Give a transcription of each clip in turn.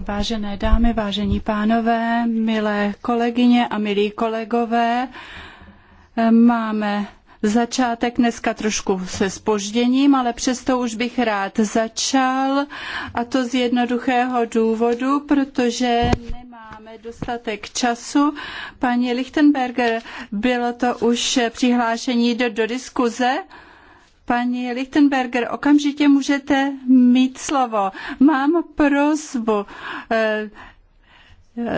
Vážené dámy, vážení pánové, milé kolegyně a milí kolegové, máme začátek dneska trošku se spožděním, ale přesto už bych rád začal a to z jednoduchého důvodu, protože nemáme dostatek času. Paní Lichtenberger, bylo to už přihlášení do, do diskuze. Paní Lichtenberger, okamžitě můžete mít slovo. Mám prozbu. Eh,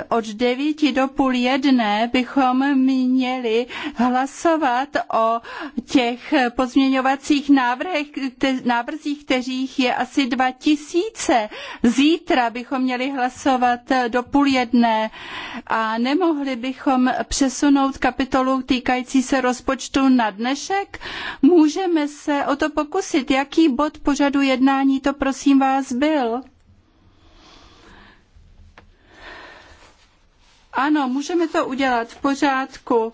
od 9 do půl jedné bychom měli hlasovat o těch pozměňovacích návrhech, te, návrzích, kterých je asi 2000. Zítra bychom měli hlasovat do půl jedné a nemohli bychom přesunout kapitolu týkající se rozpočtu na dnešek. Můžeme se o to pokusit. Jaký bod pořadu jednání to prosím vás byl? Ano, můžeme to udělat v pořádku.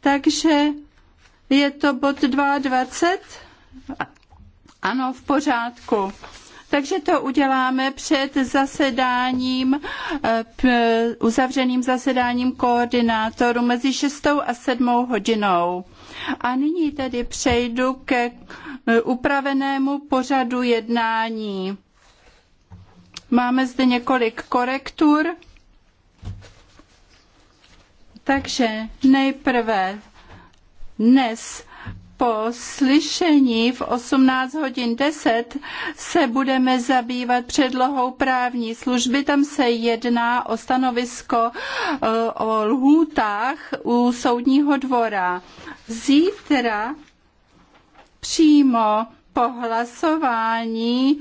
Takže je to bod 22? Ano, v pořádku. Takže to uděláme před zasedáním, eh, uzavřeným zasedáním koordinátoru mezi 6 a 7 hodinou. A nyní tedy přejdu ke eh, upravenému pořadu jednání. Máme zde několik korektur. Takže nejprve dnes po slyšení v 18 hodin 10 se budeme zabývat předlohou právní služby. Tam se jedná o stanovisko eh, o lhůtách u soudního dvora. Zítra přímo po hlasování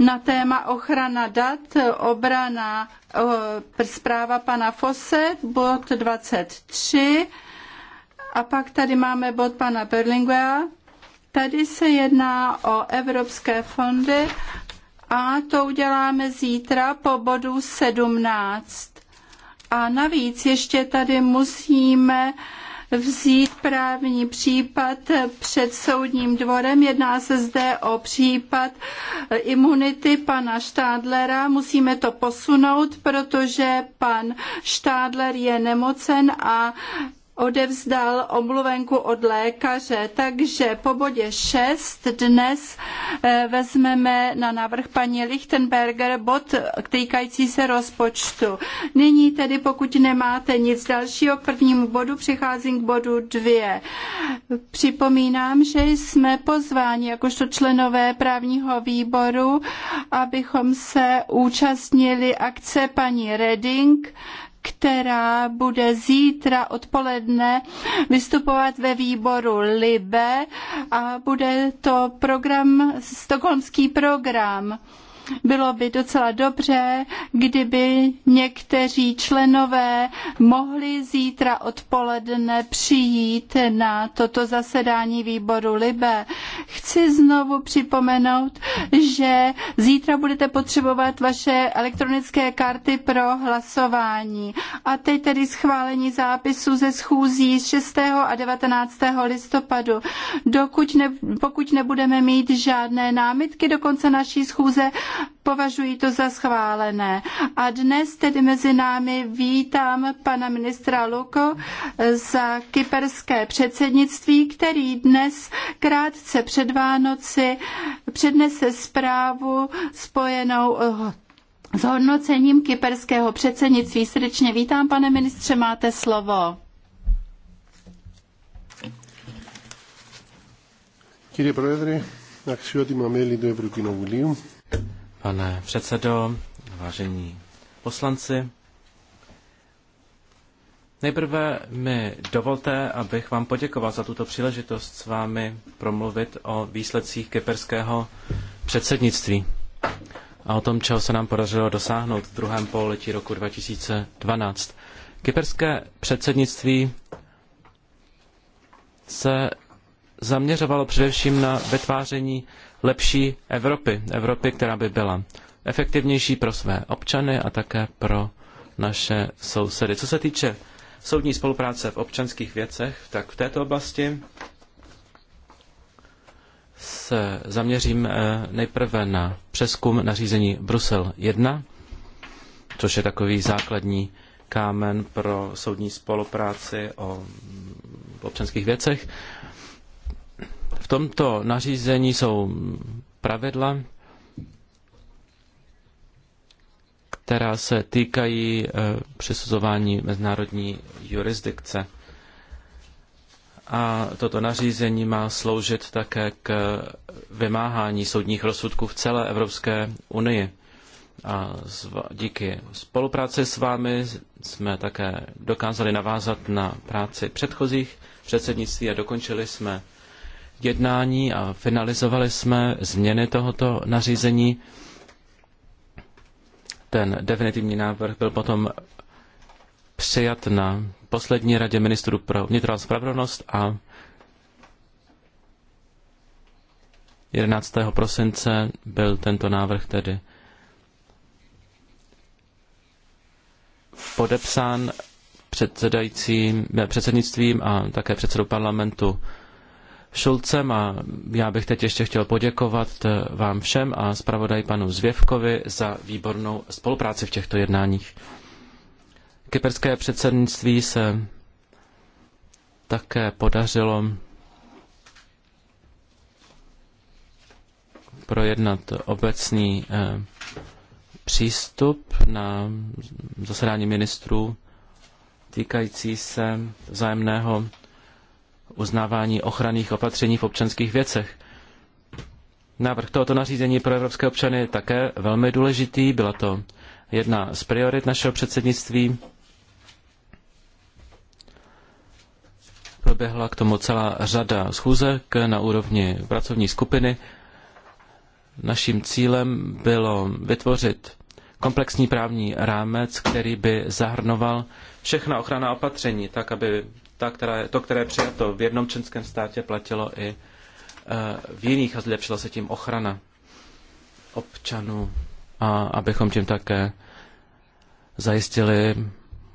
na téma ochrana dat, obrana eh, zpráva pana Fosse, bod 23. A pak tady máme bod pana Berlinguea. Tady se jedná o evropské fondy a to uděláme zítra po bodu 17. A navíc ještě tady musíme uh, vzít právní případ před soudním dvorem. Jedná se zde o případ imunity pana Štádlera. Musíme to posunout, protože pan Štádler je nemocen a odevzdal omluvenku od lékaře, takže po bodě 6 dnes eh, vezmeme na návrh paní Lichtenberger bod týkající se rozpočtu. Nyní tedy, pokud nemáte nic dalšího k prvnímu bodu, přecházím k bodu 2. Připomínám, že jsme pozváni jakožto členové právního výboru, abychom se účastnili akce paní Reding, která bude zítra odpoledne vystupovat ve výboru LIBE a bude to program, stokholmský program. Bylo by docela dobře, kdyby někteří členové mohli zítra odpoledne přijít na toto zasedání výboru Libe. Chci znovu připomenout, že zítra budete potřebovat vaše elektronické karty pro hlasování. A teď tedy schválení zápisu ze schůzí 6. a 19. listopadu. Dokud ne, pokud nebudeme mít žádné námitky do konce naší schůze, Považuji to za schválené. A dnes tedy mezi námi vítám pana ministra Luko za kyperské předsednictví, který dnes krátce před Vánoci přednese zprávu spojenou eh, s hodnocením kyperského předsednictví. Srdečně vítám, pane ministře, máte slovo. Κύριε Πρόεδρε, αξιότιμα μέλη του Ευρωκοινοβουλίου, Pane předsedo, vážení poslanci, nejprve mi dovolte, abych vám poděkoval za tuto příležitost s vámi promluvit o výsledcích kyperského předsednictví a o tom, čeho se nám podařilo dosáhnout v druhém pololetí roku 2012. Kyperské předsednictví se zaměřovalo především na vytváření lepší Evropy. Evropy, která by byla efektivnější pro své občany a také pro naše sousedy. Co se týče soudní spolupráce v občanských věcech, tak v této oblasti se zaměřím eh, nejprve na přeskum nařízení Brusel 1, což je takový základní kámen pro soudní spolupráci o občanských věcech tomto nařízení jsou pravidla, která se týkají eh, přesuzování mezinárodní jurisdikce. A toto nařízení má sloužit také k vymáhání soudních rozsudků v celé Evropské unii. A díky spolupráci s vámi jsme také dokázali navázat na práci předchozích předsednictví a dokončili jsme jednání a finalizovali jsme změny tohoto nařízení. Ten definitivní návrh byl potom přijat na poslední radě ministrů pro vnitro a spravedlnost a 11. prosince byl tento návrh tedy podepsán předsedajícím, eh, předsednictvím a také předsedou parlamentu Šulcem a já bych teď ještě chtěl poděkovat eh, vám všem a zpravodaj panu Zvěvkovi za výbornou spolupráci v těchto jednáních. Kyperské předsednictví se také podařilo projednat obecný eh, přístup na zasedání ministrů týkající se vzájemného uznávání ochranných opatření v občanských věcech. Návrh tohoto nařízení pro evropské občany je také velmi důležitý. Byla to jedna z priorit našeho předsednictví. Proběhla k tomu celá řada schůzek na úrovni pracovní skupiny. Naším cílem bylo vytvořit komplexní právní rámec, který by zahrnoval všechna ochranná opatření, tak aby ta, která to, které je přijato v jednom členském státě, platilo i eh, v jiných a zlepšila se tím ochrana občanů a abychom tím také zajistili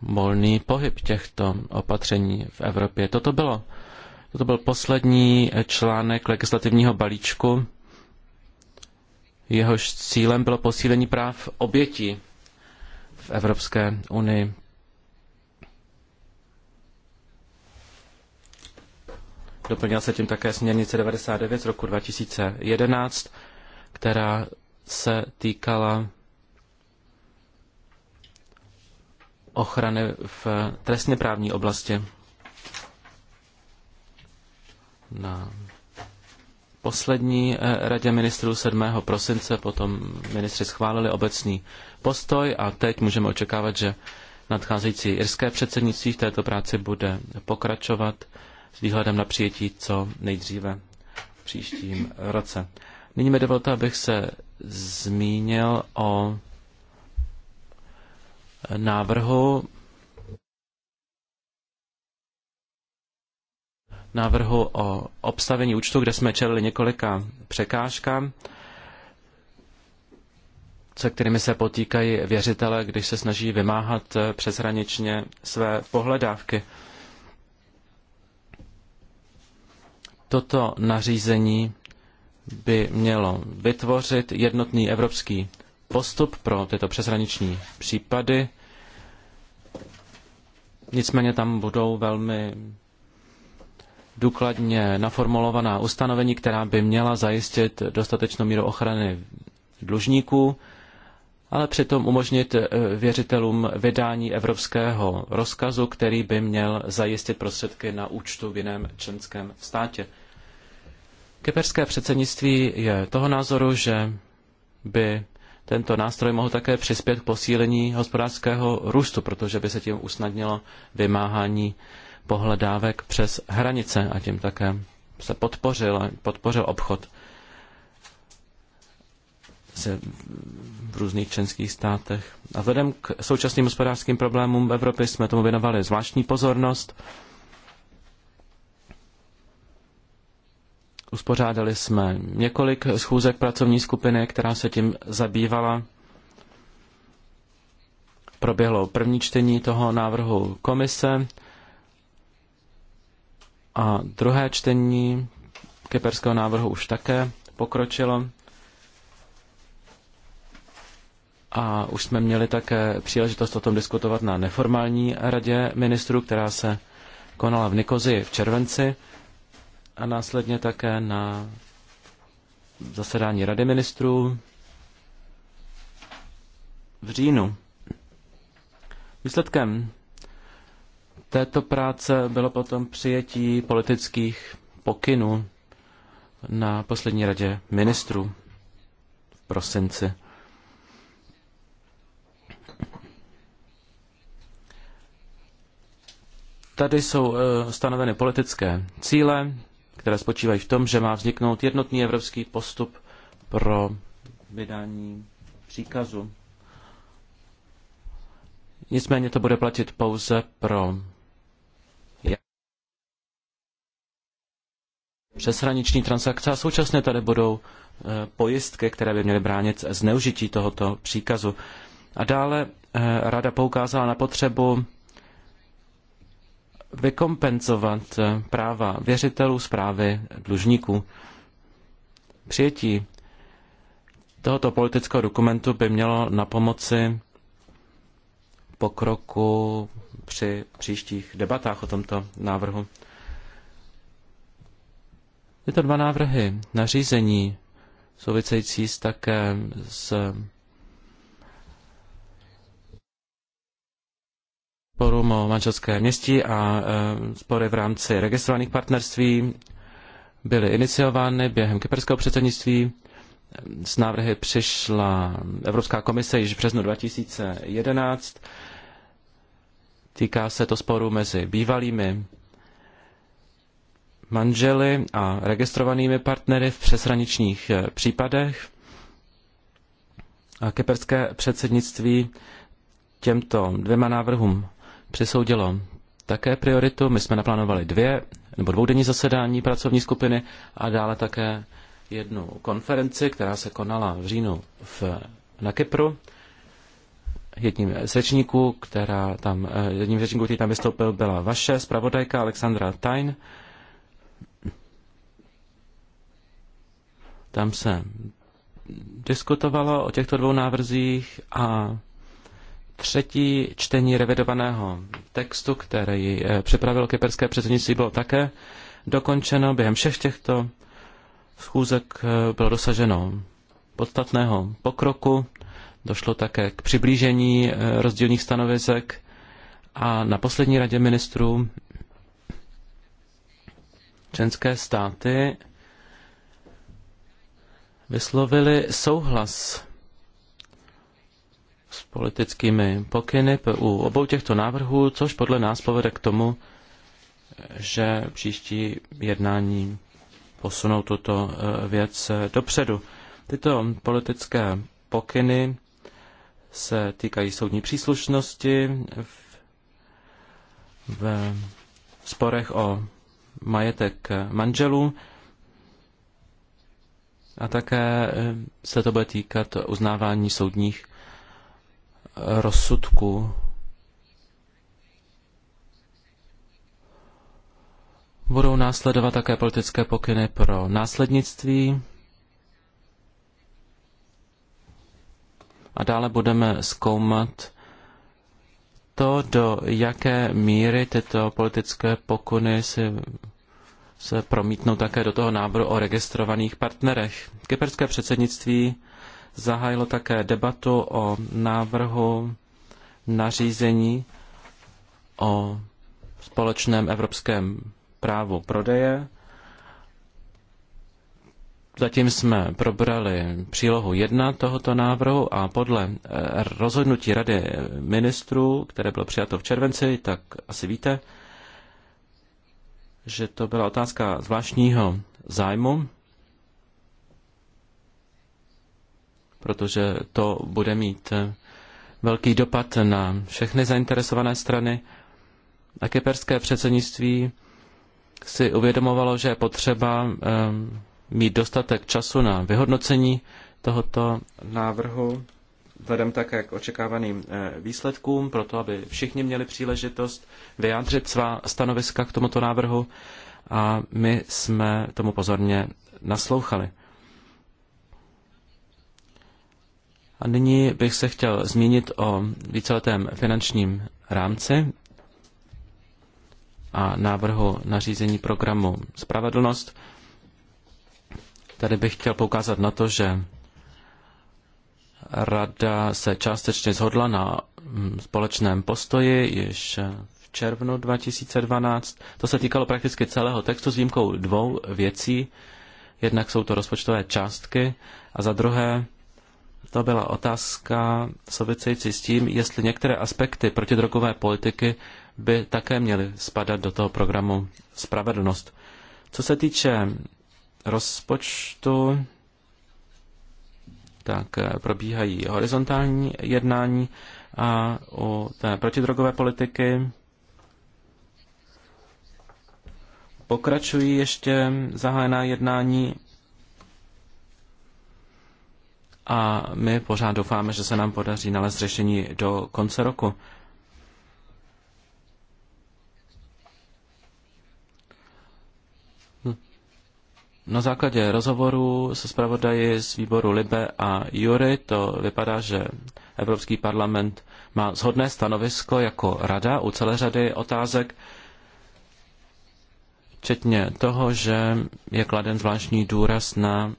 volný pohyb těchto opatření v Evropě. Toto bylo. Toto byl poslední eh, článek legislativního balíčku. Jehož cílem bylo posílení práv obětí v Evropské unii. Doplnila se tím také směrnice 99 z roku 2011, která se týkala ochrany v trestně právní oblasti. Na poslední eh, radě ministrů 7. prosince potom ministři schválili obecný postoj a teď můžeme očekávat, že nadcházející irské předsednictví v této práci bude pokračovat s výhledem na přijetí co nejdříve v příštím roce. Nyní mi dovolte, abych se zmínil o návrhu návrhu o obstavení účtu, kde jsme čelili několika překážkám, se kterými se potýkají věřitele, když se snaží vymáhat přeshraničně své pohledávky. Toto nařízení by mělo vytvořit jednotný evropský postup pro tyto přeshraniční případy. Nicméně tam budou velmi důkladně naformulovaná ustanovení, která by měla zajistit dostatečnou míru ochrany dlužníků ale přitom umožnit eh, věřitelům vydání evropského rozkazu, který by měl zajistit prostředky na účtu v jiném členském státě. Kyperské předsednictví je toho názoru, že by tento nástroj mohl také přispět k posílení hospodářského růstu, protože by se tím usnadnilo vymáhání pohledávek přes hranice a tím také se podpořil, podpořil obchod se v různých členských státech. A vzhledem k současným hospodářským problémům v Evropě jsme tomu věnovali zvláštní pozornost. Uspořádali jsme několik schůzek pracovní skupiny, která se tím zabývala. Proběhlo první čtení toho návrhu komise a druhé čtení keperského návrhu už také pokročilo. A už jsme měli také příležitost o tom diskutovat na neformální radě ministrů, která se konala v Nikozi v červenci a následně také na zasedání rady ministrů v říjnu. Výsledkem této práce bylo potom přijetí politických pokynů na poslední radě ministrů v prosinci. Tady jsou eh, stanoveny politické cíle, které spočívají v tom, že má vzniknout jednotný evropský postup pro vydání příkazu. Nicméně to bude platit pouze pro přeshraniční transakce a současně tady budou eh, pojistky, které by měly bránit zneužití tohoto příkazu. A dále eh, rada poukázala na potřebu vykompenzovat eh, práva věřitelů zprávy dlužníků. Přijetí tohoto politického dokumentu by mělo na pomoci pokroku při příštích debatách o tomto návrhu. Tyto dva návrhy nařízení související s také s sporům o manželské městí a e, spory v rámci registrovaných partnerství byly iniciovány během kyperského předsednictví. S návrhy přišla Evropská komise již v březnu 2011. Týká se to sporu mezi bývalými manželi a registrovanými partnery v přeshraničních e, případech. A kyperské předsednictví těmto dvěma návrhům přisoudilo také prioritu. My jsme naplánovali dvě nebo dvoudenní zasedání pracovní skupiny a dále také jednu konferenci, která se konala v říjnu v, na Kypru. Jedním z řečníků, která tam, eh, jedním z řečníků, který tam vystoupil, byla vaše zpravodajka Alexandra Tain. Tam se diskutovalo o těchto dvou návrzích a Třetí čtení revidovaného textu, který eh, připravil kyperské předsednictví, bylo také dokončeno. Během všech těchto schůzek eh, bylo dosaženo podstatného pokroku. Došlo také k přiblížení eh, rozdílných stanovisek a na poslední radě ministrů členské státy vyslovili souhlas s politickými pokyny u obou těchto návrhů, což podle nás povede k tomu, že příští jednání posunou tuto eh, věc eh, dopředu. Tyto politické pokyny se týkají soudní příslušnosti v, v sporech o majetek manželů a také eh, se to bude týkat uznávání soudních rozsudku budou následovat také politické pokyny pro následnictví a dále budeme zkoumat to, do jaké míry tyto politické pokyny si se promítnou také do toho náboru o registrovaných partnerech. Kyperské předsednictví zahájilo také debatu o návrhu nařízení o společném evropském právu prodeje. Zatím jsme probrali přílohu 1 tohoto návrhu a podle eh, rozhodnutí Rady ministrů, které bylo přijato v červenci, tak asi víte, že to byla otázka zvláštního zájmu protože to bude mít eh, velký dopad na všechny zainteresované strany. A kyperské předsednictví si uvědomovalo, že je potřeba eh, mít dostatek času na vyhodnocení tohoto návrhu, vzhledem také k očekávaným eh, výsledkům, proto aby všichni měli příležitost vyjádřit svá stanoviska k tomuto návrhu a my jsme tomu pozorně naslouchali. A nyní bych se chtěl zmínit o víceletém finančním rámci a návrhu nařízení programu Spravedlnost. Tady bych chtěl poukázat na to, že Rada se částečně zhodla na mm, společném postoji již v červnu 2012. To se týkalo prakticky celého textu s výjimkou dvou věcí. Jednak jsou to rozpočtové částky a za druhé to byla otázka související s tím, jestli některé aspekty protidrogové politiky by také měly spadat do toho programu Spravedlnost. Co se týče rozpočtu, tak eh, probíhají horizontální jednání a u té protidrogové politiky pokračují ještě zahájená jednání a my pořád doufáme, že se nám podaří nalézt řešení do konce roku. Na základě rozhovoru se zpravodaji z výboru Libe a Jury to vypadá, že Evropský parlament má shodné stanovisko jako rada u celé řady otázek, včetně toho, že je kladen zvláštní důraz na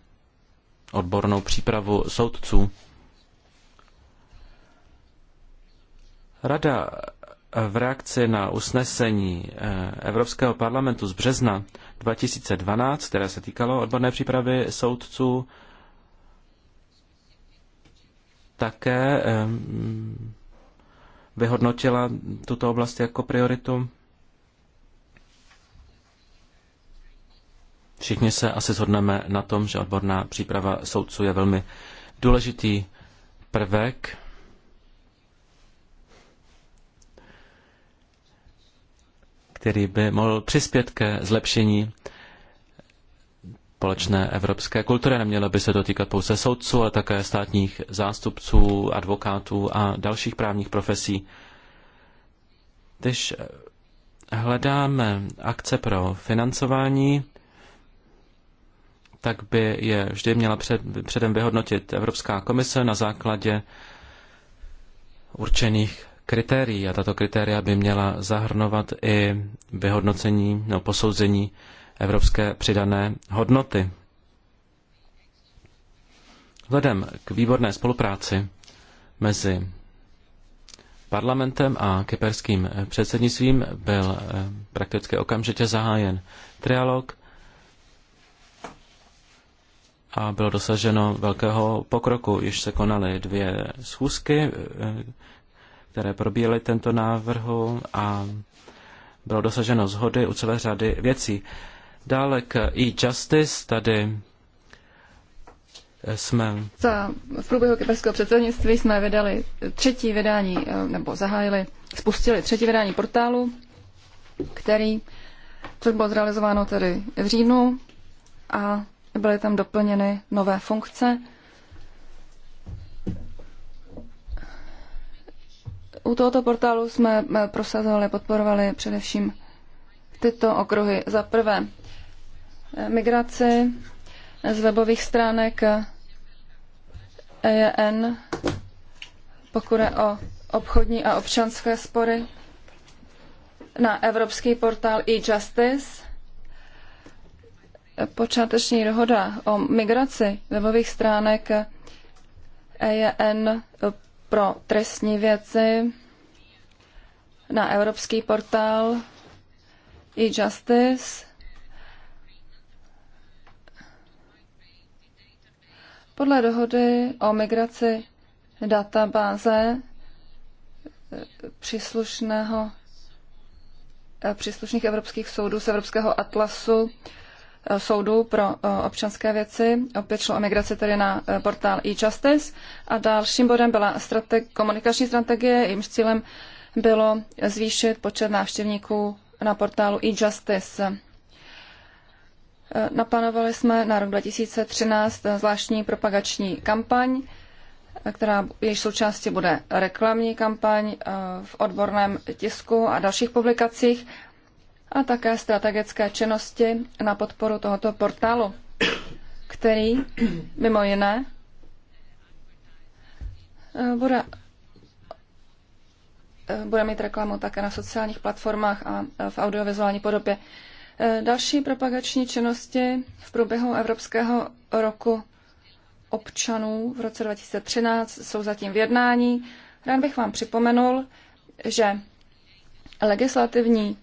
odbornou přípravu soudců. Rada v reakci na usnesení eh, Evropského parlamentu z března 2012, které se týkalo odborné přípravy soudců, také eh, vyhodnotila tuto oblast jako prioritu Všichni se asi shodneme na tom, že odborná příprava soudců je velmi důležitý prvek. který by mohl přispět ke zlepšení společné evropské kultury. Nemělo by se to týkat pouze soudců, ale také státních zástupců, advokátů a dalších právních profesí. Když hledáme akce pro financování, tak by je vždy měla před, předem vyhodnotit Evropská komise na základě určených kritérií. A tato kritéria by měla zahrnovat i vyhodnocení nebo posouzení evropské přidané hodnoty. Vzhledem k výborné spolupráci mezi parlamentem a kyperským předsednictvím byl eh, prakticky okamžitě zahájen trialog a bylo dosaženo velkého pokroku. Již se konaly dvě schůzky, eh, které probíjely tento návrhu a bylo dosaženo zhody u celé řady věcí. Dále k e-justice, tady eh, jsme... Za, v průběhu kyperského předsednictví jsme vydali třetí vydání, eh, nebo zahájili, spustili třetí vydání portálu, který, což bylo zrealizováno tedy v říjnu a byly tam doplněny nové funkce. U tohoto portálu jsme eh, prosazovali, podporovali především tyto okruhy. Za prvé eh, migraci z webových stránek EJN, eh, e pokud je o obchodní a občanské spory, na evropský portál e-justice, počáteční dohoda o migraci webových stránek EJN pro trestní věci na evropský portál e-justice. Podle dohody o migraci databáze příslušného, příslušných evropských soudů z Evropského atlasu Eh, soudu pro eh, občanské věci. Opět šlo o migraci tedy na eh, portál e-justice. A dalším bodem byla strateg- komunikační strategie, jejímž cílem bylo zvýšit počet návštěvníků na portálu e-justice. Naplánovali jsme na rok 2013 zvláštní propagační kampaň, která jejíž součástí bude reklamní kampaň v odborném tisku a dalších publikacích a také strategické činnosti na podporu tohoto portálu, který mimo jiné eh, bude, eh, bude mít reklamu také na sociálních platformách a eh, v audiovizuální podobě. Další propagační činnosti v průběhu Evropského roku občanů v roce 2013 jsou zatím v jednání. Rád bych vám připomenul, že legislativní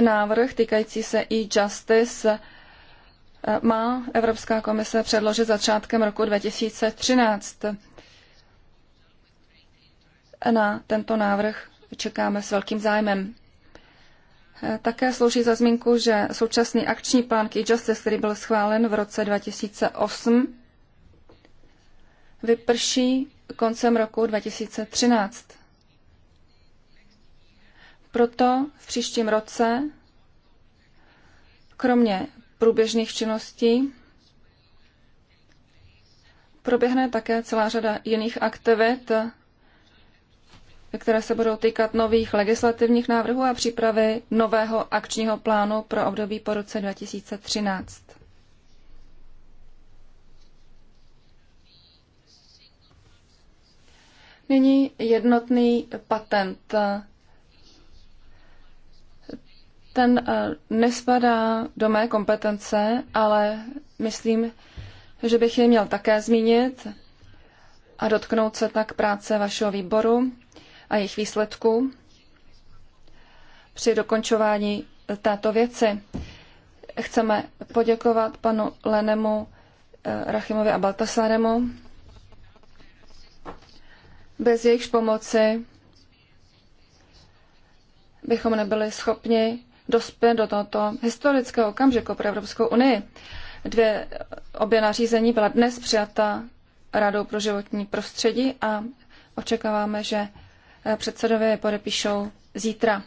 návrh týkající se e-justice eh, má Evropská komise předložit začátkem roku 2013. Na tento návrh čekáme s velkým zájmem. Eh, také slouží za zmínku, že současný akční plán k e-justice, který byl schválen v roce 2008, vyprší koncem roku 2013. Proto v příštím roce, kromě průběžných činností, proběhne také celá řada jiných aktivit, které se budou týkat nových legislativních návrhů a přípravy nového akčního plánu pro období po roce 2013. Nyní jednotný patent ten eh, nespadá do mé kompetence, ale myslím, že bych je měl také zmínit a dotknout se tak práce vašeho výboru a jejich výsledků při dokončování této věci. Chceme poděkovat panu Lenemu, eh, Rachimovi a Baltasaremu. Bez jejich pomoci bychom nebyli schopni dospět do tohoto historického okamžiku pro Evropskou unii. Dvě obě nařízení byla dnes přijata Radou pro životní prostředí a očekáváme, že eh, předsedové je podepíšou zítra.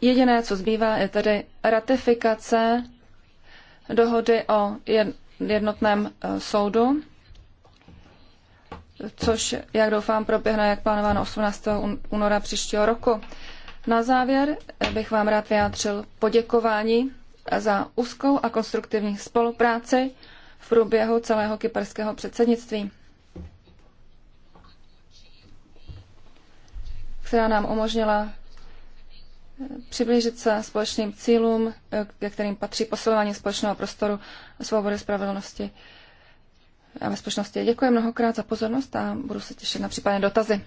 Jediné, co zbývá, je tedy ratifikace dohody o jednotném eh, soudu, což, jak doufám, proběhne, jak plánováno, 18. února příštího roku. Na závěr bych vám rád vyjádřil poděkování za úzkou a konstruktivní spolupráci v průběhu celého kyperského předsednictví, která nám umožnila přiblížit se společným cílům, ke kterým patří posilování společného prostoru svobody, spravedlnosti a bezpečnosti. Děkuji mnohokrát za pozornost a budu se těšit na případné dotazy.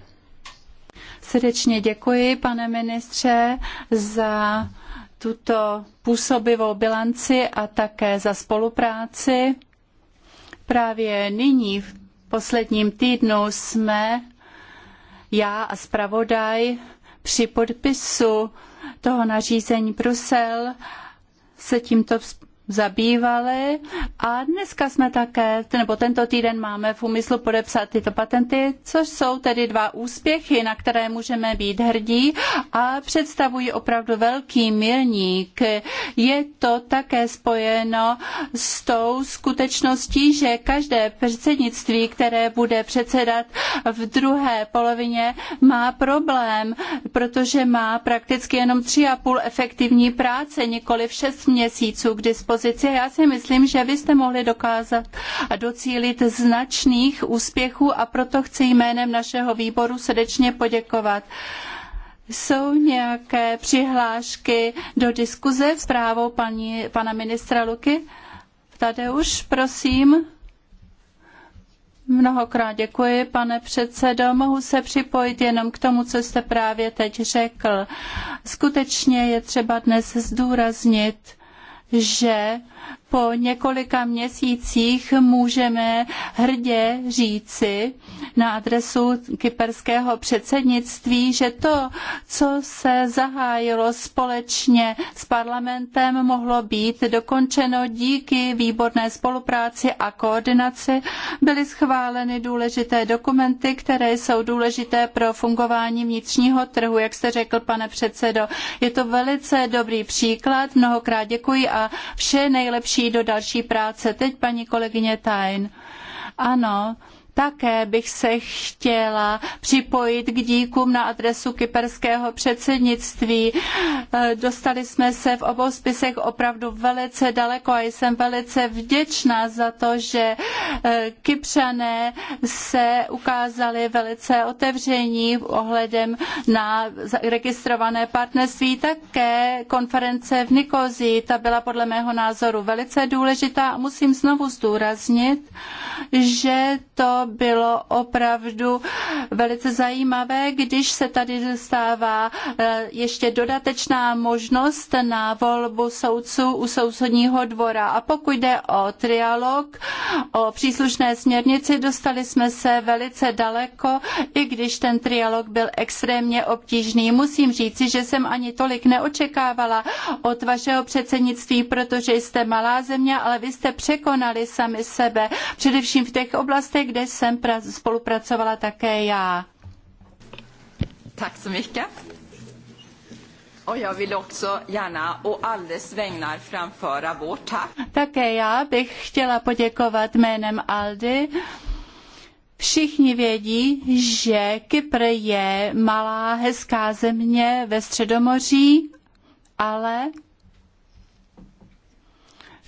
Srdečně děkuji, pane ministře, za tuto působivou bilanci a také za spolupráci. Právě nyní, v posledním týdnu, jsme já a zpravodaj při podpisu toho nařízení Brusel se tímto zabývali a dneska jsme také, nebo tento týden máme v úmyslu podepsat tyto patenty, což jsou tedy dva úspěchy, na které můžeme být hrdí a představují opravdu velký milník. Je to také spojeno s tou skutečností, že každé předsednictví, které bude předsedat v druhé polovině, má problém, protože má prakticky jenom tři a půl efektivní práce, nikoli šest měsíců k dispozici dispozici. Já si myslím, že vy jste mohli dokázat a docílit značných úspěchů a proto chci jménem našeho výboru srdečně poděkovat. Jsou nějaké přihlášky do diskuze s právou paní, pana ministra Luky? Tady už prosím. Mnohokrát děkuji, pane předsedo. Mohu se připojit jenom k tomu, co jste právě teď řekl. Skutečně je třeba dnes zdůraznit, že po několika měsících můžeme hrdě říci na adresu kyperského předsednictví, že to, co se zahájilo společně s parlamentem, mohlo být dokončeno díky výborné spolupráci a koordinaci. Byly schváleny důležité dokumenty, které jsou důležité pro fungování vnitřního trhu, jak jste řekl, pane předsedo. Je to velice dobrý příklad, mnohokrát děkuji a vše nejlepší nejlepší do další práce. Teď paní kolegyně Tajn. Ano, také bych se chtěla připojit k díkům na adresu kyperského předsednictví. Dostali jsme se v obou spisech opravdu velice daleko a jsem velice vděčná za to, že eh, kypřané se ukázali velice otevření ohledem na registrované partnerství. Také konference v Nikozi, ta byla podle mého názoru velice důležitá a musím znovu zdůraznit, že to bylo opravdu velice zajímavé, když se tady dostává eh, ještě dodatečná možnost na volbu soudců u soudního dvora. A pokud jde o trialog, o příslušné směrnici, dostali jsme se velice daleko, i když ten trialog byl extrémně obtížný. Musím říci, že jsem ani tolik neočekávala od vašeho předsednictví, protože jste malá země, ale vy jste překonali sami sebe, především v těch oblastech, kde jsem spolupracovala také já. också gärna framföra Také já bych chtěla poděkovat jménem Aldy. Všichni vědí, že Kypr je malá, hezká země ve Středomoří, ale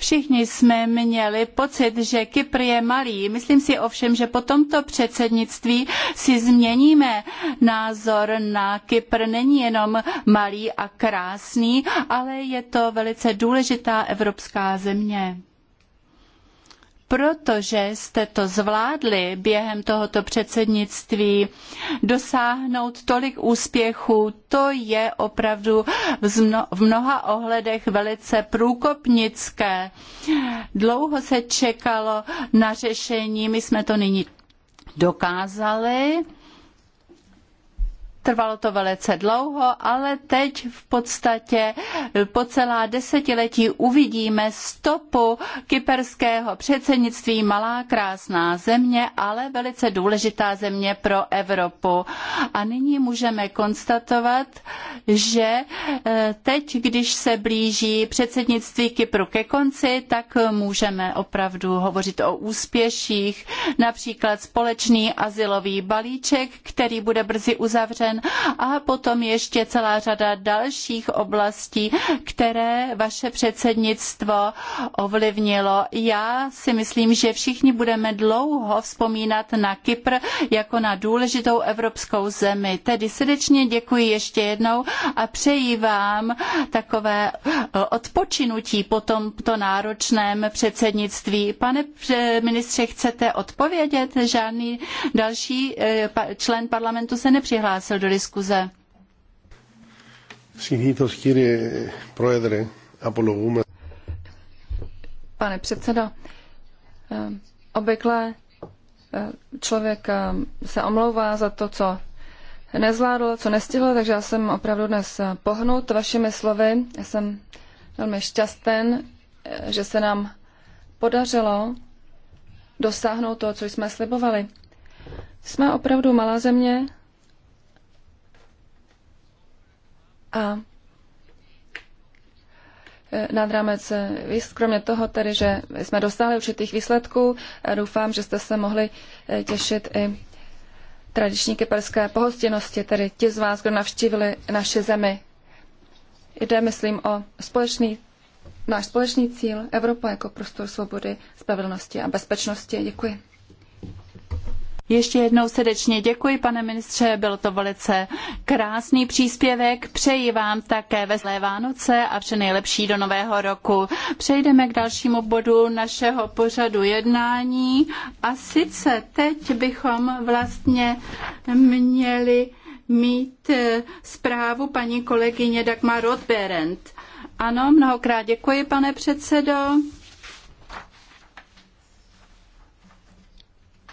Všichni jsme měli pocit, že Kypr je malý. Myslím si ovšem, že po tomto předsednictví si změníme názor na Kypr. Není jenom malý a krásný, ale je to velice důležitá evropská země protože jste to zvládli během tohoto předsednictví dosáhnout tolik úspěchů, to je opravdu v mnoha ohledech velice průkopnické. Dlouho se čekalo na řešení, my jsme to nyní dokázali Trvalo to velice dlouho, ale teď v podstatě po celá desetiletí uvidíme stopu kyperského předsednictví. Malá krásná země, ale velice důležitá země pro Evropu. A nyní můžeme konstatovat, že eh, teď, když se blíží předsednictví Kypru ke konci, tak můžeme opravdu hovořit o úspěších, například společný asilový balíček, který bude brzy uzavřen OSN a potom ještě celá řada dalších oblastí, které vaše předsednictvo ovlivnilo. Já si myslím, že všichni budeme dlouho vzpomínat na Kypr jako na důležitou evropskou zemi. Tedy srdečně děkuji ještě jednou a přeji vám takové eh, odpočinutí po tomto náročném předsednictví. Pane ministře, chcete odpovědět? Žádný další eh, člen parlamentu se nepřihlásil do diskuze. Pane předsedo, eh, obvykle eh, člověk eh, se omlouvá za to, co nezvládl, co nestihl, takže já jsem opravdu dnes pohnut vašimi slovy. Já jsem velmi šťasten, že se nám podařilo dosáhnout toho, co jsme slibovali. Jsme opravdu malá země, A e, nad rámec, e, kromě toho tedy, že jsme dostali určitých výsledků, e, doufám, že jste se mohli těšit i tradiční kyperské pohostěnosti, tedy ti z vás, kdo navštívili naše zemi. Jde, myslím, o společný, náš společný cíl Evropa jako prostor svobody, spravedlnosti a bezpečnosti. Děkuji. Ještě jednou srdečně děkuji, pane ministře, byl to velice krásný příspěvek. Přeji vám také veselé Vánoce a vše nejlepší do nového roku. Přejdeme k dalšímu bodu našeho pořadu jednání a sice teď bychom vlastně měli mít eh, zprávu paní kolegyně Dagmar Rodberend. Ano, mnohokrát děkuji, pane předsedo.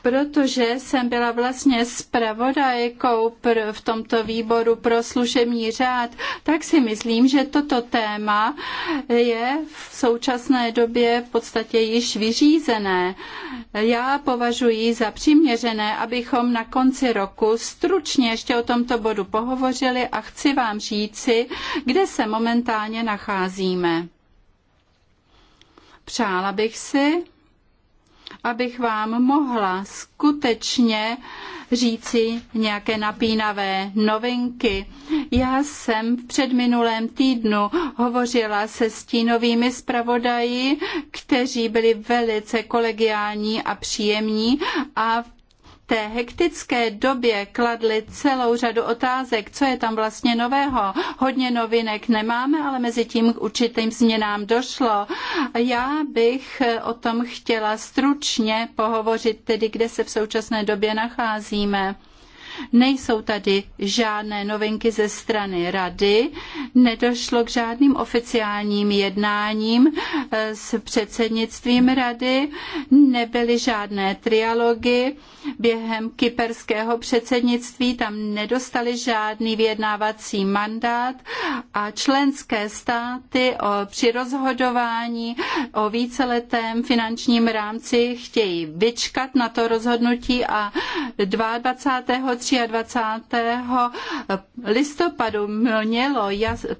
protože jsem byla vlastně zpravodajkou v tomto výboru pro služební řád, tak si myslím, že toto téma je v současné době v podstatě již vyřízené. Já považuji za přiměřené, abychom na konci roku stručně ještě o tomto bodu pohovořili a chci vám říci, kde se momentálně nacházíme. Přála bych si, abych vám mohla skutečně říci nějaké napínavé novinky. Já jsem v předminulém týdnu hovořila se stínovými zpravodaji, kteří byli velice kolegiální a příjemní a v té hektické době kladli celou řadu otázek, co je tam vlastně nového. Hodně novinek nemáme, ale mezi tím k určitým změnám došlo. Já bych o tom chtěla stručně pohovořit, tedy kde se v současné době nacházíme. Nejsou tady žádné novinky ze strany rady, nedošlo k žádným oficiálním jednáním eh, s předsednictvím rady, nebyly žádné trialogy během kyperského předsednictví, tam nedostali žádný vyjednávací mandát a členské státy při rozhodování o víceletém finančním rámci chtějí vyčkat na to rozhodnutí a 22. 23. listopadu mělo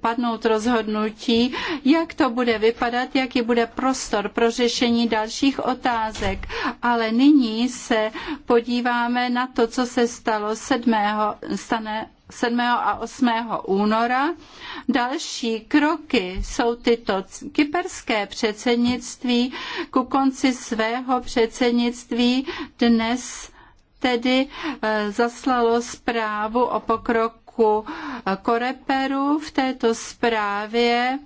padnout rozhodnutí, jak to bude vypadat, jaký bude prostor pro řešení dalších otázek. Ale nyní se podíváme na to, co se stalo 7. stane 7. a 8. února. Další kroky jsou tyto. Kyperské předsednictví ku konci svého předsednictví dnes tedy eh, zaslalo zprávu o pokroku eh, Koreperu. V této zprávě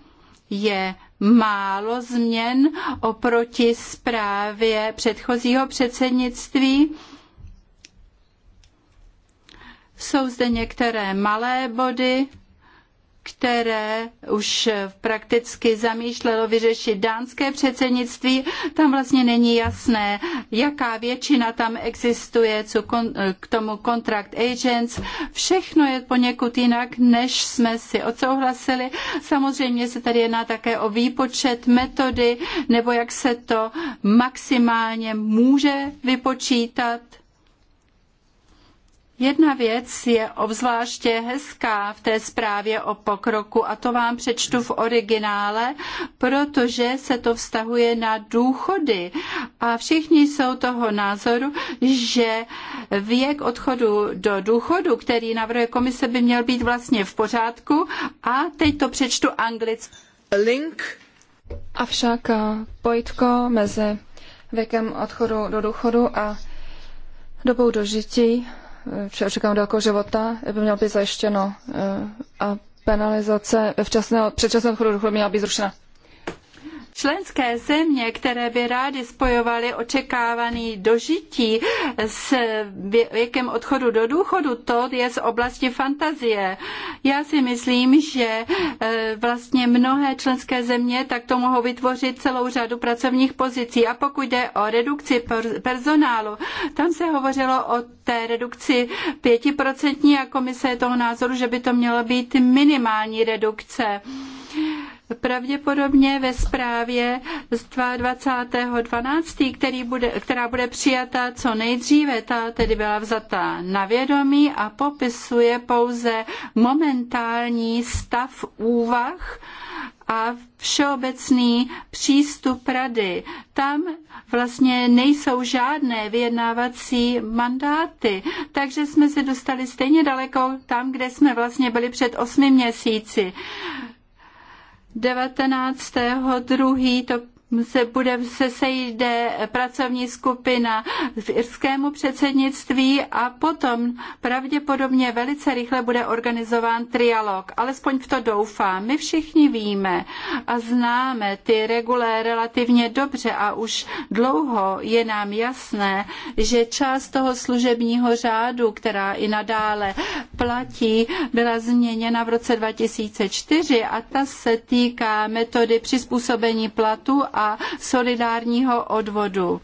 je málo změn oproti zprávě předchozího předsednictví. Jsou zde některé malé body, které už prakticky zamýšlelo vyřešit dánské předsednictví. Tam vlastně není jasné, jaká většina tam existuje, co kon, k tomu contract agents. Všechno je poněkud jinak, než jsme si odsouhlasili. Samozřejmě se tady jedná také o výpočet metody, nebo jak se to maximálně může vypočítat Jedna věc je obzvláště hezká v té zprávě o pokroku a to vám přečtu v originále, protože se to vztahuje na důchody a všichni jsou toho názoru, že věk odchodu do důchodu, který navrhuje komise, by měl být vlastně v pořádku a teď to přečtu anglicky. Link. Avšak eh, pojitko mezi věkem odchodu do důchodu a dobou dožití očekávanou délkou života by mělo být zajištěno eh, a penalizace včasného, předčasného chodu důchodu měla být zrušena. Členské země, které by rády spojovaly očekávaný dožití s věkem odchodu do důchodu, to je z oblasti fantazie. Já si myslím, že e, vlastně mnohé členské země takto mohou vytvořit celou řadu pracovních pozicí. A pokud jde o redukci personálu, tam se hovořilo o té redukci pětiprocentní a komise je toho názoru, že by to mělo být minimální redukce. Pravděpodobně ve zprávě z 22.12., který bude, která bude přijata co nejdříve, ta tedy byla vzata na vědomí a popisuje pouze momentální stav úvah a všeobecný přístup rady. Tam vlastně nejsou žádné vyjednávací mandáty, takže jsme se dostali stejně daleko tam, kde jsme vlastně byli před osmi měsíci. 19.2. to se, bude, se sejde pracovní skupina v irskému předsednictví a potom pravděpodobně velice rychle bude organizován trialog. Alespoň v to doufám. My všichni víme a známe ty regulé relativně dobře a už dlouho je nám jasné, že část toho služebního řádu, která i nadále platí, byla změněna v roce 2004 a ta se týká metody přizpůsobení platu a a solidárního odvodu.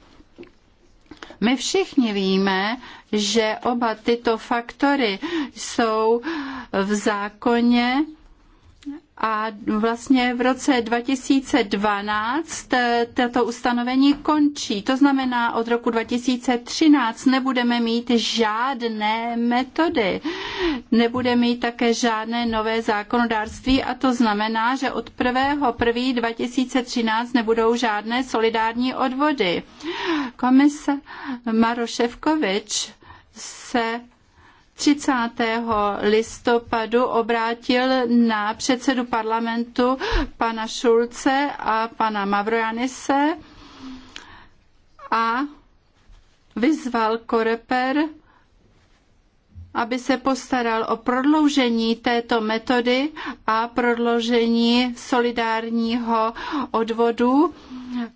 My všichni víme, že oba tyto faktory jsou v zákoně a vlastně v roce 2012 eh, tato ustanovení končí. To znamená, od roku 2013 nebudeme mít žádné metody, nebude mít také žádné nové zákonodárství a to znamená, že od 1. 1. 2013 nebudou žádné solidární odvody. Komise Maroševkovič se 30. listopadu obrátil na předsedu parlamentu pana Šulce a pana Mavrojanise a vyzval Koreper aby se postaral o prodloužení této metody a prodloužení solidárního odvodu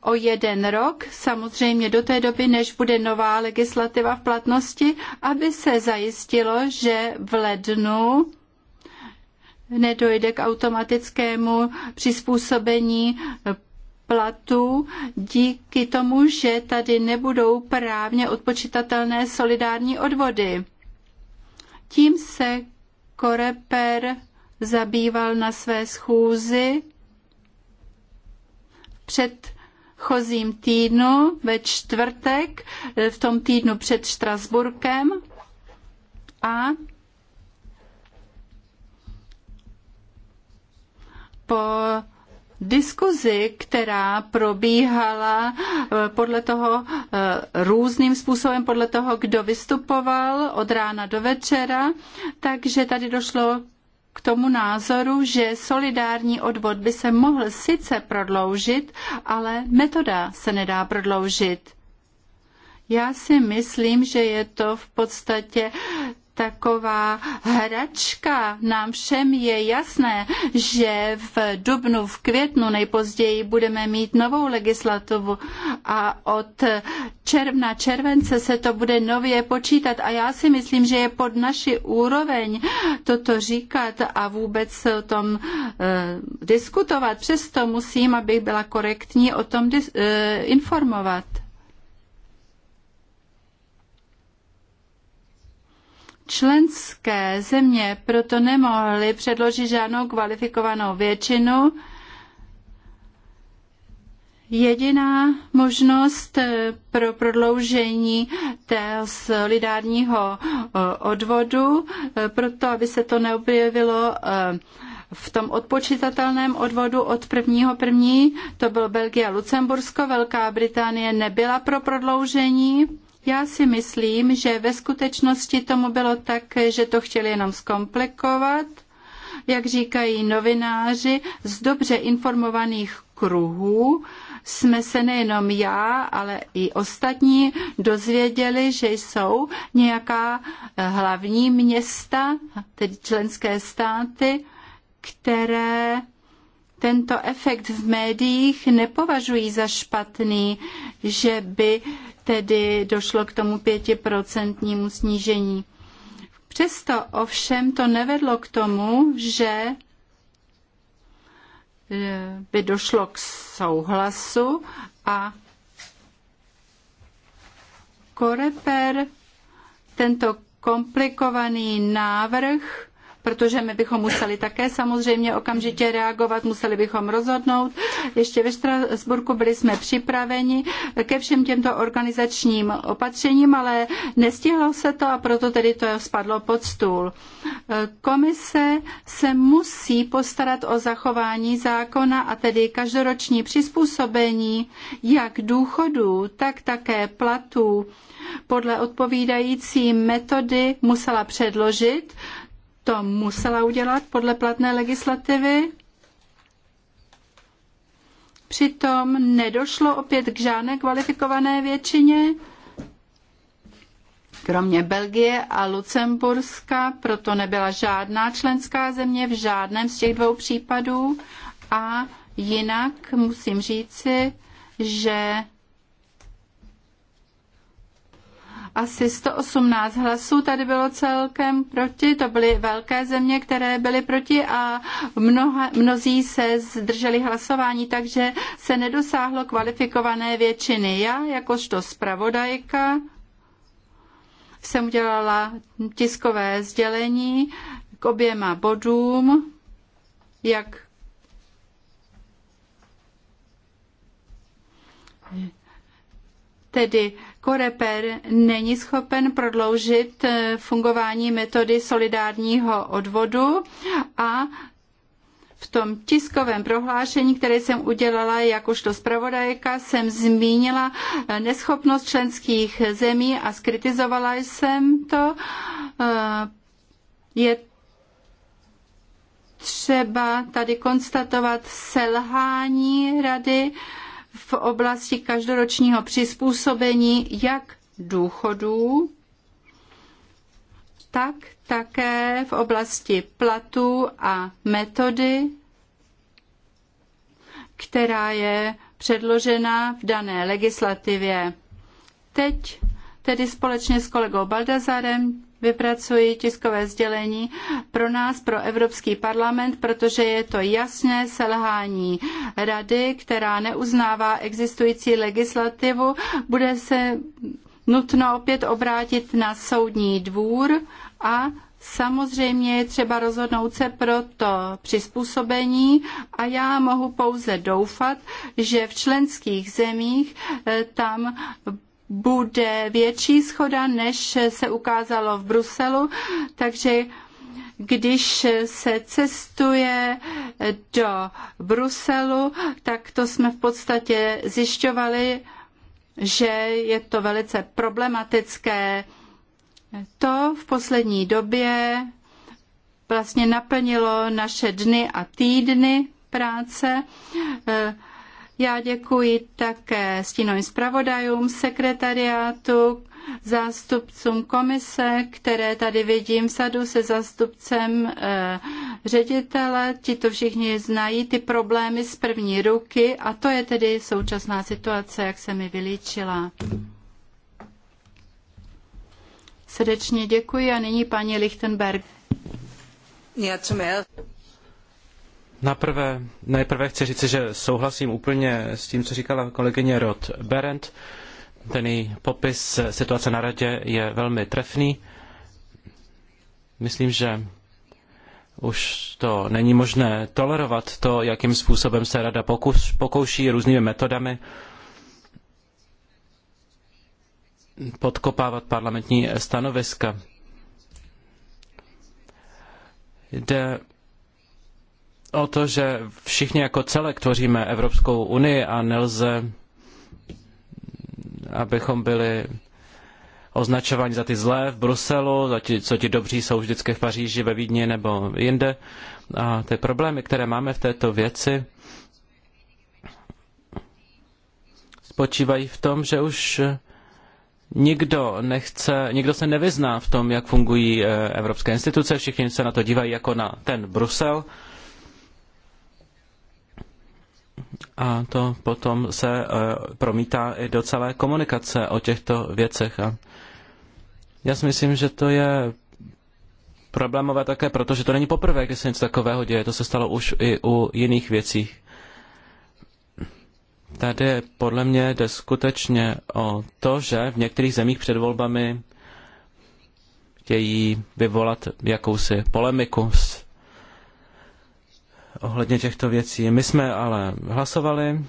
o jeden rok, samozřejmě do té doby, než bude nová legislativa v platnosti, aby se zajistilo, že v lednu nedojde k automatickému přizpůsobení platů díky tomu, že tady nebudou právně odpočitatelné solidární odvody. Tím se Koreper zabýval na své schůzi před chozím týdnu ve čtvrtek, v tom týdnu před Štrasburkem a po diskuzi, která probíhala eh, podle toho eh, různým způsobem, podle toho, kdo vystupoval od rána do večera, takže tady došlo k tomu názoru, že solidární odvod by se mohl sice prodloužit, ale metoda se nedá prodloužit. Já si myslím, že je to v podstatě taková hračka. Nám všem je jasné, že v dubnu, v květnu nejpozději budeme mít novou legislativu a od června, července se to bude nově počítat a já si myslím, že je pod naši úroveň toto říkat a vůbec o tom eh, diskutovat. Přesto musím, abych byla korektní, o tom dis, eh, informovat. Členské země proto nemohly předložit žádnou kvalifikovanou většinu. Jediná možnost eh, pro prodloužení té solidárního eh, odvodu, eh, proto aby se to neobjevilo v tom odpočítatelném odvodu od prvního první, to byl Belgie a Lucembursko, Velká Británie nebyla pro prodloužení, já si myslím, že ve skutečnosti tomu bylo tak, že to chtěli jenom zkomplikovat, jak říkají novináři, z dobře informovaných kruhů jsme se nejenom já, ale i ostatní dozvěděli, že jsou nějaká eh, hlavní města, tedy členské státy, které tento efekt v médiích nepovažují za špatný, že by tedy došlo k tomu pětiprocentnímu snížení. Přesto ovšem to nevedlo k tomu, že eh, by došlo k souhlasu a Koreper tento komplikovaný návrh protože my bychom museli také samozřejmě okamžitě reagovat, museli bychom rozhodnout. Ještě ve Štrasburku byli jsme připraveni ke všem těmto organizačním opatřením, ale nestihlo se to a proto tedy to spadlo pod stůl. Komise se musí postarat o zachování zákona a tedy každoroční přizpůsobení jak důchodů, tak také platů podle odpovídající metody musela předložit to musela udělat podle platné legislativy. Přitom nedošlo opět k žádné kvalifikované většině, kromě Belgie a Lucemburska, proto nebyla žádná členská země v žádném z těch dvou případů. A jinak musím říci, že asi 118 hlasů tady bylo celkem proti. To byly velké země, které byly proti a mnoha, mnozí se zdrželi hlasování, takže se nedosáhlo kvalifikované většiny. Já jakožto zpravodajka jsem udělala tiskové sdělení k oběma bodům, jak tedy Koreper není schopen prodloužit eh, fungování metody solidárního odvodu a v tom tiskovém prohlášení, které jsem udělala jakožto zpravodajka, jsem zmínila eh, neschopnost členských zemí a skritizovala jsem to. Eh, je třeba tady konstatovat selhání rady v oblasti každoročního přizpůsobení jak důchodů, tak také v oblasti platu a metody, která je předložena v dané legislativě. Teď tedy společně s kolegou Baldazarem vypracuji tiskové sdělení pro nás, pro Evropský parlament, protože je to jasné selhání rady, která neuznává existující legislativu. Bude se nutno opět obrátit na soudní dvůr a Samozřejmě je třeba rozhodnout se pro to přizpůsobení a já mohu pouze doufat, že v členských zemích eh, tam bude větší schoda, než se ukázalo v Bruselu, takže když se cestuje do Bruselu, tak to jsme v podstatě zjišťovali, že je to velice problematické. To v poslední době vlastně naplnilo naše dny a týdny práce. Já děkuji také stínovým zpravodajům, sekretariátu, zástupcům komise, které tady vidím v sadu se zástupcem e, ředitele. Ti to všichni znají, ty problémy z první ruky a to je tedy současná situace, jak se mi vylíčila. Srdečně děkuji a nyní paní Lichtenberg. Naprvé, nejprve chci říci, že souhlasím úplně s tím, co říkala kolegyně Rod Berend. Ten její popis situace na radě je velmi trefný. Myslím, že už to není možné tolerovat, to, jakým způsobem se rada pokus, pokouší různými metodami podkopávat parlamentní stanoviska. Jde o to, že všichni jako celek tvoříme Evropskou unii a nelze, abychom byli označováni za ty zlé v Bruselu, za ti, co ti dobří jsou vždycky v Paříži, ve Vídni nebo jinde. A ty problémy, které máme v této věci, spočívají v tom, že už nikdo nechce, nikdo se nevyzná v tom, jak fungují eh, evropské instituce, všichni se na to dívají jako na ten Brusel a to potom se e, promítá i do celé komunikace o těchto věcech. A já si myslím, že to je problémové také proto, že to není poprvé, kdy se něco takového děje. To se stalo už i u jiných věcí. Tady podle mě jde skutečně o to, že v některých zemích před volbami chtějí vyvolat jakousi polemiku s ohledně těchto věcí. My jsme ale hlasovali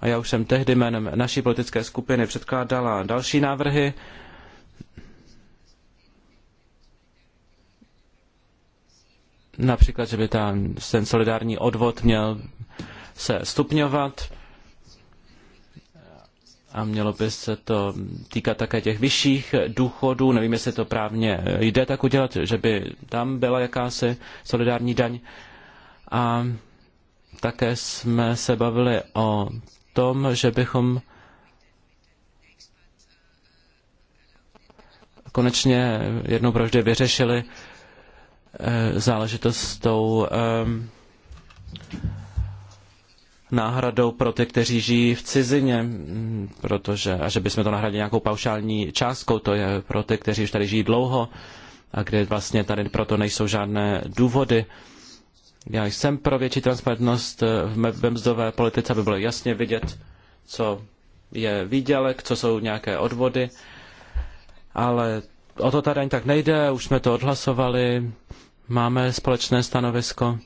a já už jsem tehdy jménem naší politické skupiny předkládala další návrhy. Například, že by ten solidární odvod měl se stupňovat a mělo by se to týkat také těch vyšších důchodů. Nevím, jestli to právně jde tak udělat, že by tam byla jakási solidární daň. A také jsme se bavili o tom, že bychom konečně jednou provždy vyřešili eh, záležitost s tou eh, náhradou pro ty, kteří žijí v cizině, mm, protože, a že bychom to nahradili nějakou paušální částkou, to je pro ty, kteří už tady žijí dlouho a kde vlastně tady proto nejsou žádné důvody. Já jsem pro větší transparentnost eh, v mzdové politice, aby bylo jasně vidět, co je výdělek, co jsou nějaké odvody, ale o to tady ani tak nejde, už jsme to odhlasovali, máme společné stanovisko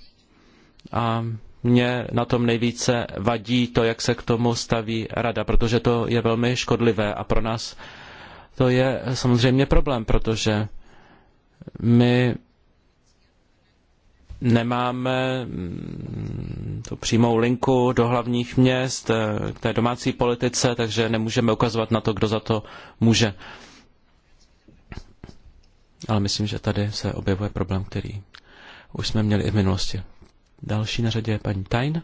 a mě na tom nejvíce vadí to, jak se k tomu staví rada, protože to je velmi škodlivé a pro nás to je samozřejmě problém, protože my nemáme mm, tu přímou linku do hlavních měst eh, k té domácí politice, takže nemůžeme ukazovat na to, kdo za to může. Ale myslím, že tady se objevuje problém, který už jsme měli i v minulosti. Další na řadě je paní Tajn.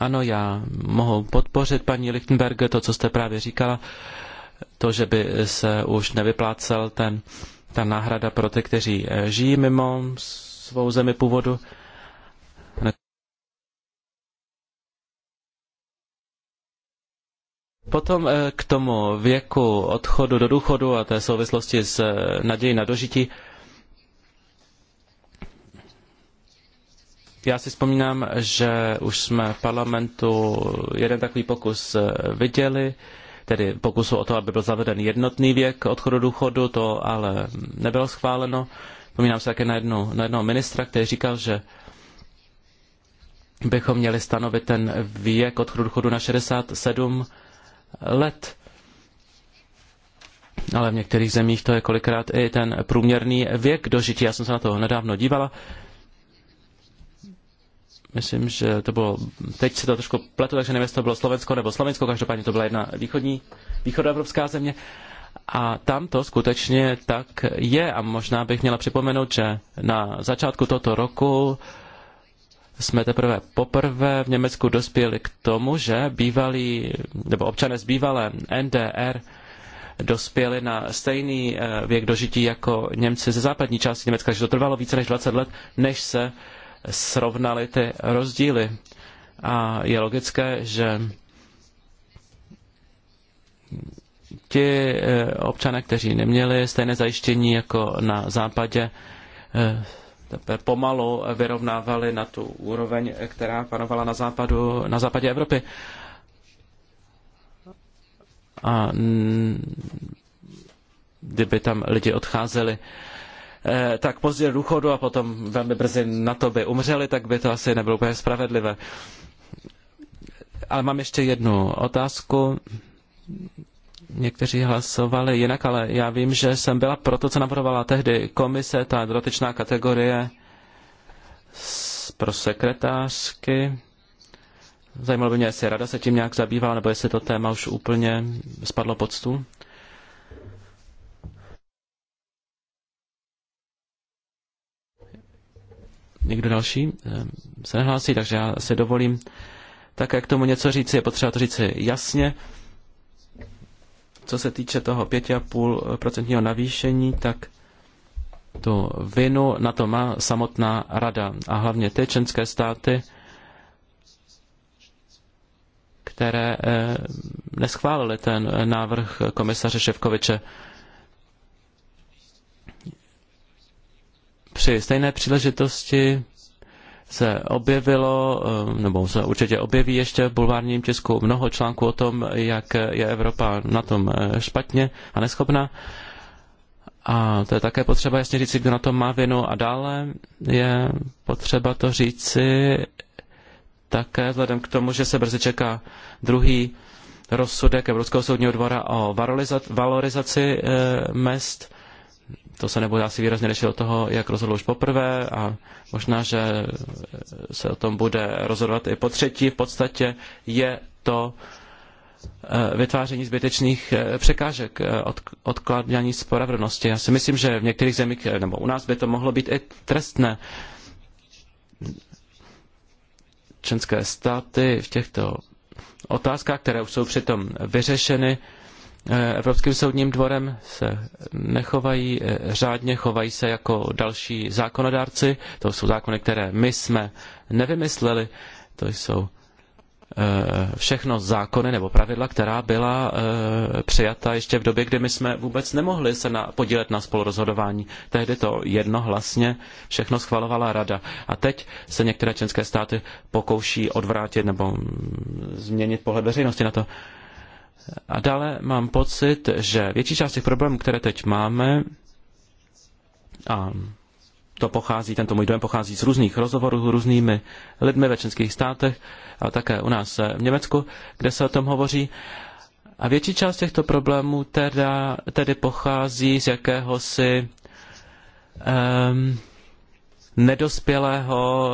Ano, já mohu podpořit paní Lichtenberg to, co jste právě říkala, to, že by se už nevyplácel ten, ta náhrada pro ty, kteří eh, žijí mimo svou zemi původu. Potom eh, k tomu věku odchodu do důchodu a té souvislosti s eh, nadějí na dožití. Já si vzpomínám, že už jsme v parlamentu jeden takový pokus eh, viděli, tedy pokusu o to, aby byl zaveden jednotný věk odchodu důchodu, to ale nebylo schváleno. Vzpomínám se také na, jednu, na jednoho ministra, který říkal, že bychom měli stanovit ten věk odchodu důchodu na 67 let. Ale v některých zemích to je kolikrát i ten průměrný věk dožití. Já jsem se na to nedávno dívala. Myslím, že to bylo, teď se to trošku pletu, takže nevím, jestli to bylo Slovensko nebo Slovensko, každopádně to byla jedna východní, východoevropská země. A tam to skutečně tak je. A možná bych měla připomenout, že na začátku tohoto roku jsme teprve poprvé v Německu dospěli k tomu, že bývalí, nebo občané z bývalé NDR dospěli na stejný eh, věk dožití jako Němci ze západní části Německa, že to trvalo více než 20 let, než se srovnali ty rozdíly. A je logické, že ti eh, občané, kteří neměli stejné zajištění jako na západě, eh, pomalu vyrovnávali na tu úroveň, která panovala na, západu, na západě Evropy. A kdyby tam lidi odcházeli Eh, tak pozdě důchodu a potom velmi brzy na to by umřeli, tak by to asi nebylo úplně spravedlivé. Ale mám ještě jednu otázku. Někteří hlasovali jinak, ale já vím, že jsem byla pro to, co navrhovala tehdy komise, ta dotyčná kategorie pro sekretářky. Zajímalo by mě, jestli rada se tím nějak zabývala, nebo jestli to téma už úplně spadlo pod stůl. Někdo další ehm, se nehlásí, takže já se dovolím také k tomu něco říci Je potřeba to říci jasně. Co se týče toho 5,5% navýšení, tak tu vinu na to má samotná rada a hlavně ty členské státy, které ehm, neschválili ten návrh komisaře Ševkoviče. při stejné příležitosti se objevilo, eh, nebo se určitě objeví ještě v bulvárním tisku mnoho článků o tom, jak je Evropa na tom eh, špatně a neschopná. A to je také potřeba jasně říci, kdo na tom má vinu. A dále je potřeba to říci také vzhledem k tomu, že se brzy čeká druhý rozsudek Evropského soudního dvora o valorizaci eh, mest to se nebude asi výrazně lišit od toho, jak rozhodl už poprvé a možná, že se o tom bude rozhodovat i po třetí. V podstatě je to eh, vytváření zbytečných eh, překážek, eh, od, odkládání spravedlnosti. Já si myslím, že v některých zemích, nebo u nás by to mohlo být i trestné. Členské státy v těchto otázkách, které už jsou přitom vyřešeny, Eh, Evropským soudním dvorem se nechovají eh, řádně, chovají se jako další zákonodárci. To jsou zákony, které my jsme nevymysleli. To jsou eh, všechno zákony nebo pravidla, která byla přijata ještě v době, kdy my jsme vůbec nemohli se na, podílet na spolurozhodování. Tehdy to jednohlasně všechno schvalovala rada. A teď se některé členské státy pokouší odvrátit nebo mm, změnit pohled veřejnosti na to. A dále mám pocit, že větší část těch problémů, které teď máme, a to pochází, tento můj dojem pochází z různých rozhovorů s různými lidmi ve členských státech a také u nás v Německu, kde se o tom hovoří. A větší část těchto problémů teda, tedy pochází z jakéhosi um, nedospělého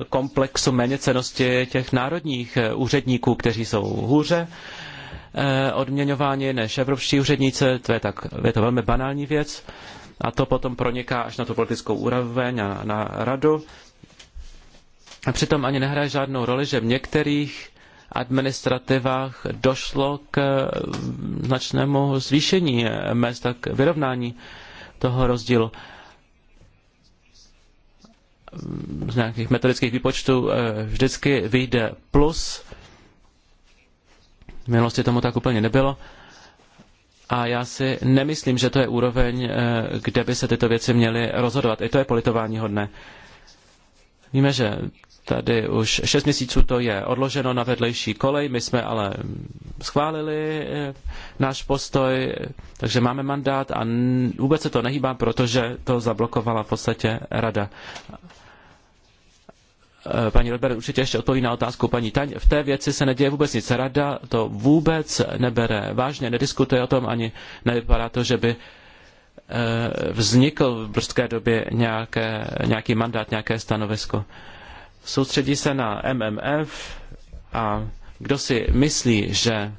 eh, komplexu méněcenosti těch národních eh, úředníků, kteří jsou hůře Eh, odměňováni než evropští úředníci, to je, tak, je to velmi banální věc a to potom proniká až na tu politickou úroveň a na radu. A přitom ani nehraje žádnou roli, že v některých administrativách došlo k eh, značnému zvýšení eh, mest a k vyrovnání toho rozdílu. Z nějakých metodických výpočtů vždycky vyjde plus v minulosti tomu tak úplně nebylo. A já si nemyslím, že to je úroveň, eh, kde by se tyto věci měly rozhodovat. I to je politování hodné. Víme, že tady už šest měsíců to je odloženo na vedlejší kolej, my jsme ale schválili eh, náš postoj, takže máme mandát a vůbec se to nehýbá, protože to zablokovala v podstatě rada. Eh, paní Rodber určitě ještě odpoví na otázku paní Taň. V té věci se neděje vůbec nic. Rada to vůbec nebere vážně, nediskutuje o tom, ani nevypadá to, že by eh, vznikl v brzké době nějaké, nějaký mandát, nějaké stanovisko. Soustředí se na MMF a kdo si myslí, že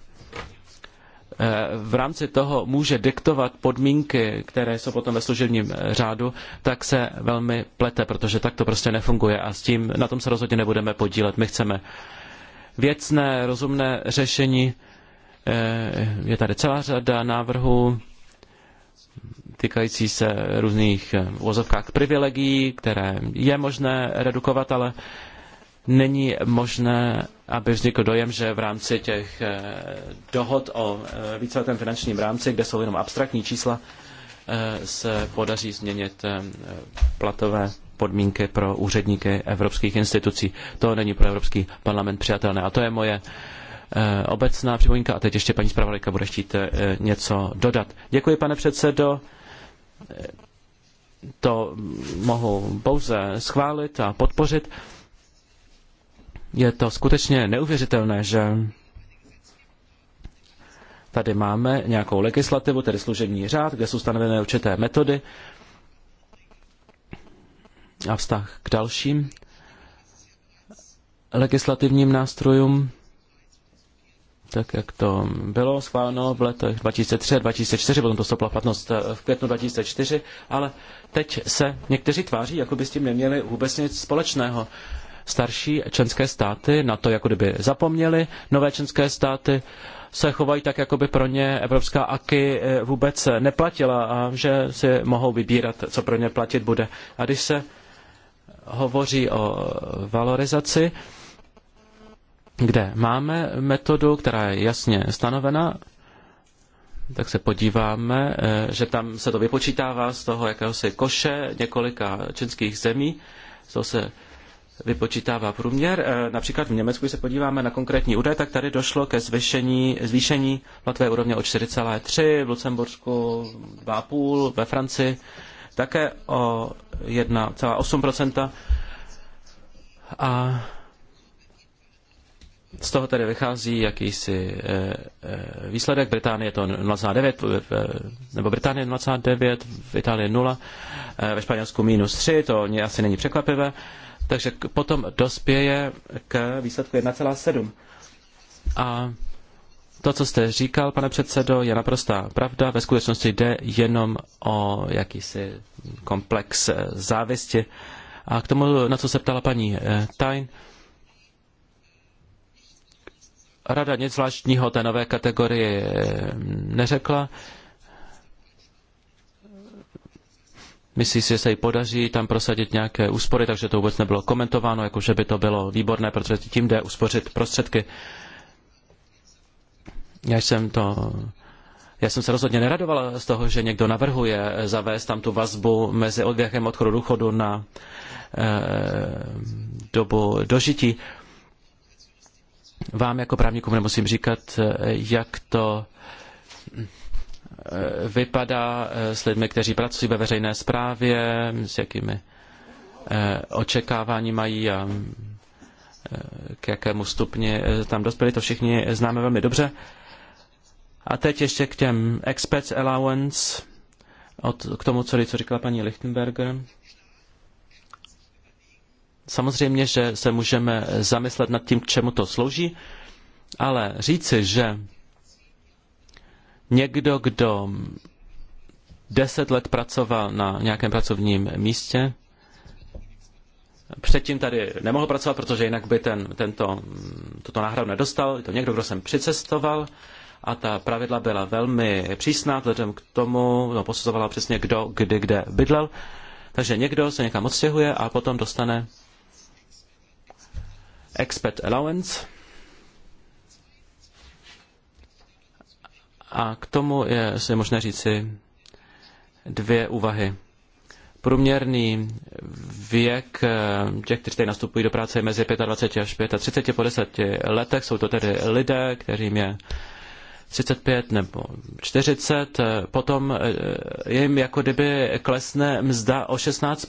Eh, v rámci toho může diktovat podmínky, které jsou potom ve služebním eh, řádu, tak se velmi plete, protože tak to prostě nefunguje a s tím na tom se rozhodně nebudeme podílet. My chceme věcné, rozumné řešení. Eh, je tady celá řada návrhů týkající se různých vozovkách privilegií, které je možné redukovat, ale není možné, aby vznikl dojem, že v rámci těch eh, dohod o eh, víceletém finančním rámci, kde jsou jenom abstraktní čísla, eh, se podaří změnit platové podmínky pro úředníky evropských institucí. To není pro Evropský parlament přijatelné. A to je moje obecná připomínka. A teď ještě paní zpravodajka bude chtít něco dodat. Děkuji, pane předsedo. To mohu pouze schválit a podpořit. Je to skutečně neuvěřitelné, že tady máme nějakou legislativu, tedy služební řád, kde jsou stanovené určité metody a vztah k dalším legislativním nástrojům, tak jak to bylo schváleno v letech 2003 a 2004, potom to stopla platnost eh, v květnu 2004, ale teď se někteří tváří, jako by s tím neměli vůbec nic společného. Starší členské státy na to jako kdyby zapomněly, nové členské státy se chovají tak, jako by pro ně Evropská AKY eh, vůbec neplatila a že si mohou vybírat, co pro ně platit bude. A když se hovoří o valorizaci, kde máme metodu, která je jasně stanovena, tak se podíváme, eh, že tam se to vypočítává z toho jakéhosi koše několika čínských zemí, z toho se vypočítává průměr. Eh, například v Německu, když se podíváme na konkrétní údaje, tak tady došlo ke zvýšení, zvýšení platové úrovně o 4,3, v Lucembursku 2,5, ve Francii také o 1,8 A z toho tedy vychází jakýsi eh, eh, výsledek. Británie je to 0,9, nebo Británie 0,9, v Itálii 0, ve Španělsku minus 3, to asi není překvapivé. Takže potom dospěje k výsledku 1,7. A to, co jste říkal, pane předsedo, je naprostá pravda. Ve skutečnosti jde jenom o jakýsi komplex eh, závisti. A k tomu, na co se ptala paní eh, tajn, rada nic zvláštního té nové kategorii eh, neřekla. Myslí si, že se jí podaří tam prosadit nějaké úspory, takže to vůbec nebylo komentováno, jako že by to bylo výborné, protože tím jde uspořit prostředky. Já jsem to já jsem se rozhodně neradovala z toho, že někdo navrhuje zavést tam tu vazbu mezi odvěkem odchodu důchodu na e, dobu dožití. Vám jako právníkům nemusím říkat, eh, jak to Eh, vypadá eh, s lidmi, kteří pracují ve veřejné správě, s jakými eh, očekávání mají a k jakému stupni tam dospěli, to všichni známe velmi dobře. A teď ještě k těm experts allowance, od, k tomu, co, co říkala paní Lichtenberger. Samozřejmě, že se můžeme zamyslet nad tím, k čemu to slouží, ale říci, že někdo, kdo deset let pracoval na nějakém pracovním místě, předtím tady nemohl pracovat, protože jinak by ten, tento, tuto náhradu nedostal. Je to někdo, kdo jsem přicestoval a ta pravidla byla velmi přísná, vzhledem k tomu no, posuzovala přesně kdo, kdy, kde bydlel. Takže někdo se někam odstěhuje a potom dostane expert allowance, A k tomu je se možné říci dvě úvahy. Průměrný věk eh, těch, kteří nastupují do práce, je mezi 25 až 35 po 10 letech. Jsou to tedy lidé, kterým je 35 nebo 40. Eh, potom eh, jim jako kdyby klesne mzda o 16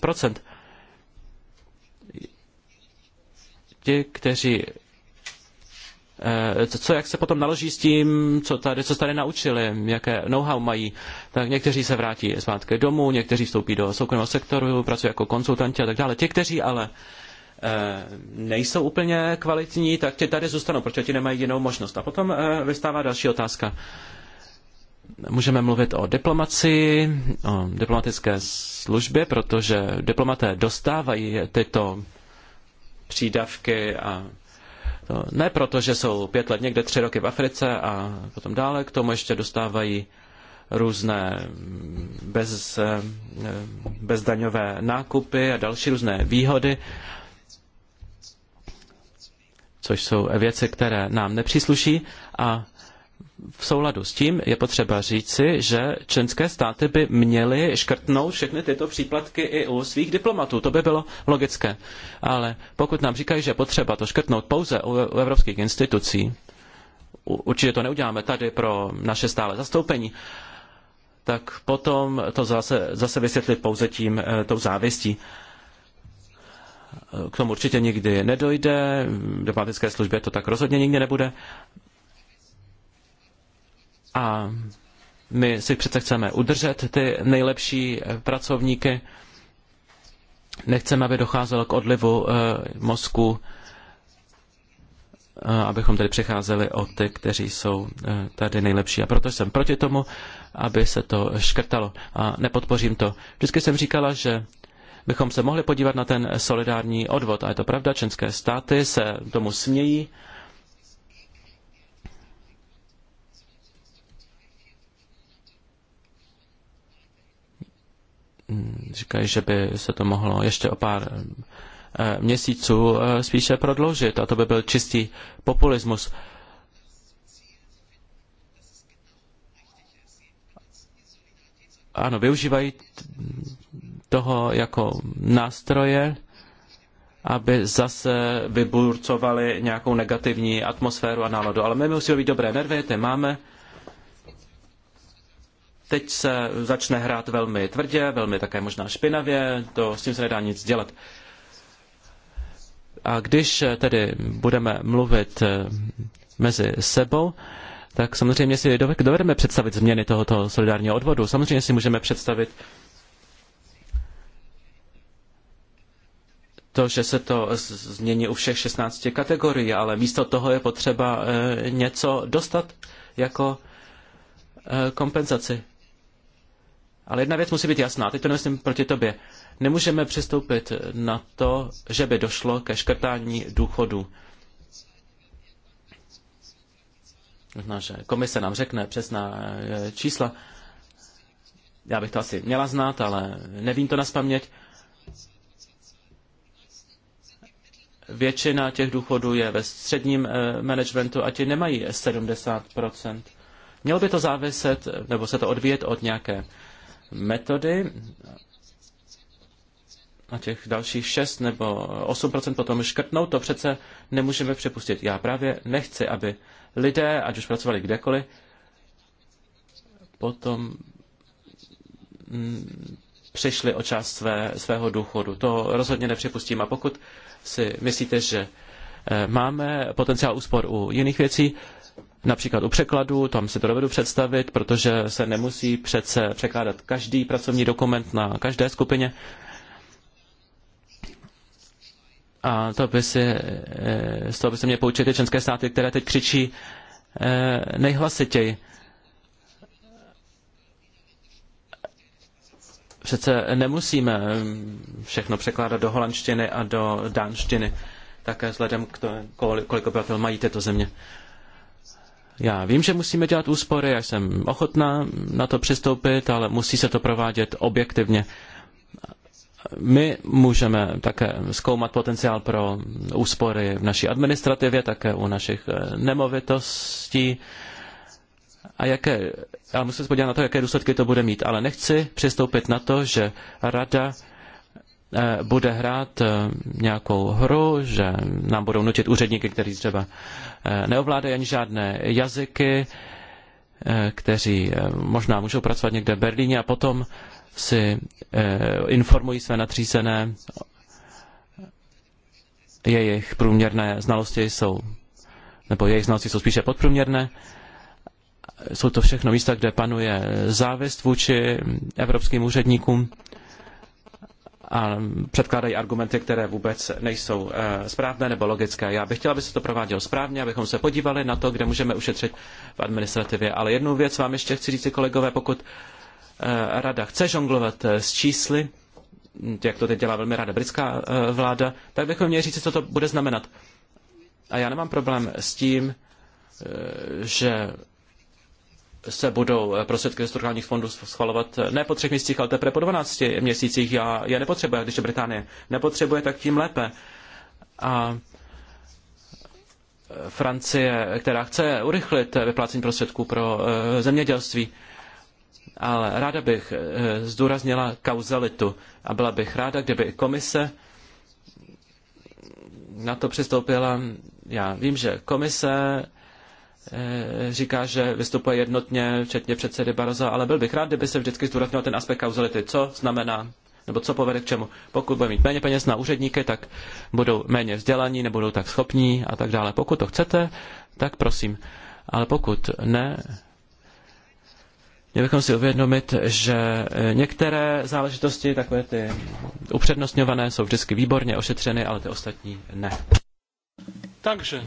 ti, kteří Eh, co, jak se potom naloží s tím, co tady, co tady naučili, jaké know-how mají. Tak někteří se vrátí zpátky domů, někteří vstoupí do soukromého sektoru, pracují jako konsultanti a tak dále. Ti, kteří ale eh, nejsou úplně kvalitní, tak ti tady zůstanou, protože ti nemají jinou možnost. A potom eh, vystává další otázka. Můžeme mluvit o diplomaci, o diplomatické službě, protože diplomaté dostávají tyto přídavky a to ne proto, že jsou pět let někde, tři roky v Africe a potom dále, k tomu ještě dostávají různé mm, bez, eh, eh, bezdaňové nákupy a další různé výhody, což jsou věci, které nám nepřísluší a v souladu s tím je potřeba říci, že členské státy by měly škrtnout všechny tyto příplatky i u svých diplomatů. To by bylo logické. Ale pokud nám říkají, že potřeba to škrtnout pouze u, u evropských institucí, u, určitě to neuděláme tady pro naše stále zastoupení, tak potom to zase, zase vysvětlit pouze tím, e, tou závistí. K tomu určitě nikdy nedojde, v diplomatické službě to tak rozhodně nikdy nebude, a my si přece chceme udržet ty nejlepší pracovníky. Nechceme, aby docházelo k odlivu eh, mozku, eh, abychom tedy přecházeli o ty, kteří jsou eh, tady nejlepší. A proto jsem proti tomu, aby se to škrtalo. A nepodpořím to. Vždycky jsem říkala, že bychom se mohli podívat na ten solidární odvod. A je to pravda, členské státy se tomu smějí Mm, říkají, že by se to mohlo ještě o pár eh, měsíců eh, spíše prodloužit a to by byl čistý populismus. Ano, využívají toho jako nástroje, aby zase vyburcovali nějakou negativní atmosféru a náladu. Ale my musíme být dobré nervy, ty máme. Teď se začne hrát velmi tvrdě, velmi také možná špinavě, to s tím se nedá nic dělat. A když tedy budeme mluvit eh, mezi sebou, tak samozřejmě si dovedeme představit změny tohoto solidárního odvodu. Samozřejmě si můžeme představit to, že se to změní u všech 16 kategorií, ale místo toho je potřeba eh, něco dostat jako eh, kompenzaci. Ale jedna věc musí být jasná, teď to nemyslím proti tobě. Nemůžeme přistoupit na to, že by došlo ke škrtání důchodů. Možná, že komise nám řekne přesná eh, čísla. Já bych to asi měla znát, ale nevím to na spaměť. Většina těch důchodů je ve středním eh, managementu a ti nemají 70 Mělo by to záviset, nebo se to odvíjet od nějaké metody a těch dalších 6 nebo 8% potom škrtnout, to přece nemůžeme připustit. Já právě nechci, aby lidé, ať už pracovali kdekoliv, potom mm, přišli o část své, svého důchodu. To rozhodně nepřipustím. A pokud si myslíte, že eh, máme potenciál úspor u jiných věcí, Například u překladu, tam si to dovedu představit, protože se nemusí přece překládat každý pracovní dokument na každé skupině. A to by si, eh, z toho by se mě poučili ty členské státy, které teď křičí eh, nejhlasitěji. Přece nemusíme mm, všechno překládat do holandštiny a do dánštiny, také vzhledem k tomu, kolik obyvatel mají tyto země. Já vím, že musíme dělat úspory, já jsem ochotná na to přistoupit, ale musí se to provádět objektivně. My můžeme také zkoumat potenciál pro úspory v naší administrativě, také u našich eh, nemovitostí. A jaké, ale musím se podívat na to, jaké důsledky to bude mít. Ale nechci přistoupit na to, že rada Eh, bude hrát eh, nějakou hru, že nám budou nutit úředníky, kteří třeba eh, neovládají ani žádné jazyky, kteří možná můžou pracovat někde v Berlíně a potom si informují své natřízené, jejich průměrné znalosti jsou, nebo jejich znalosti jsou spíše podprůměrné. Jsou to všechno místa, kde panuje závist vůči evropským úředníkům a předkládají argumenty, které vůbec nejsou eh, správné nebo logické. Já bych chtěla, aby se to provádělo správně, abychom se podívali na to, kde můžeme ušetřit v administrativě. Ale jednu věc vám ještě chci říct, kolegové, pokud eh, rada chce žonglovat eh, s čísly, jak to teď dělá velmi ráda britská vláda, tak bychom měli říct, co to bude znamenat. A já nemám problém s tím, že se budou eh, prostředky ze strukturálních fondů schvalovat eh, ne po třech měsících, ale teprve po 12 měsících. Já je nepotřebuji, když je Británie nepotřebuje, tak tím lépe. A eh, Francie, která chce urychlit vyplácení prostředků pro zemědělství, ale ráda bych zdůraznila kauzalitu a byla bych ráda, kdyby komise na to přistoupila. Já vím, že komise Eh, říká, že vystupuje jednotně, včetně předsedy Baroza, ale byl bych rád, kdyby se vždycky zdůraznil ten aspekt kauzality. Co znamená nebo co povede k čemu. Pokud bude mít méně peněz na úředníky, tak budou méně vzdělaní, nebudou tak schopní a tak dále. Pokud to chcete, tak prosím. Ale pokud ne, měli bychom si uvědomit, že eh, některé záležitosti, takové ty upřednostňované, jsou vždycky výborně ošetřeny, ale ty ostatní ne. Takže.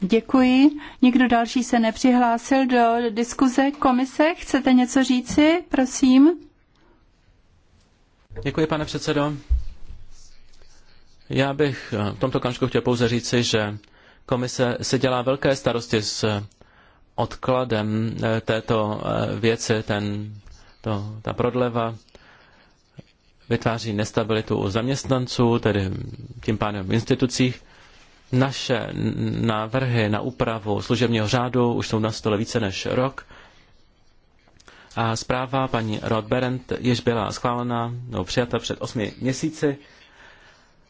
Děkuji. Nikdo další se nepřihlásil do diskuze komise. Chcete něco říci, prosím? Děkuji, pane předsedo. Já bych eh, v tomto kančku chtěl pouze říci, že komise se dělá velké starosti s odkladem eh, této eh, věci, ten, to, ta prodleva vytváří nestabilitu u zaměstnanců, tedy tím pádem v institucích. Naše návrhy na úpravu služebního řádu už jsou na stole více než rok. A zpráva paní Rodberent jež byla schválena nebo přijata před osmi měsíci.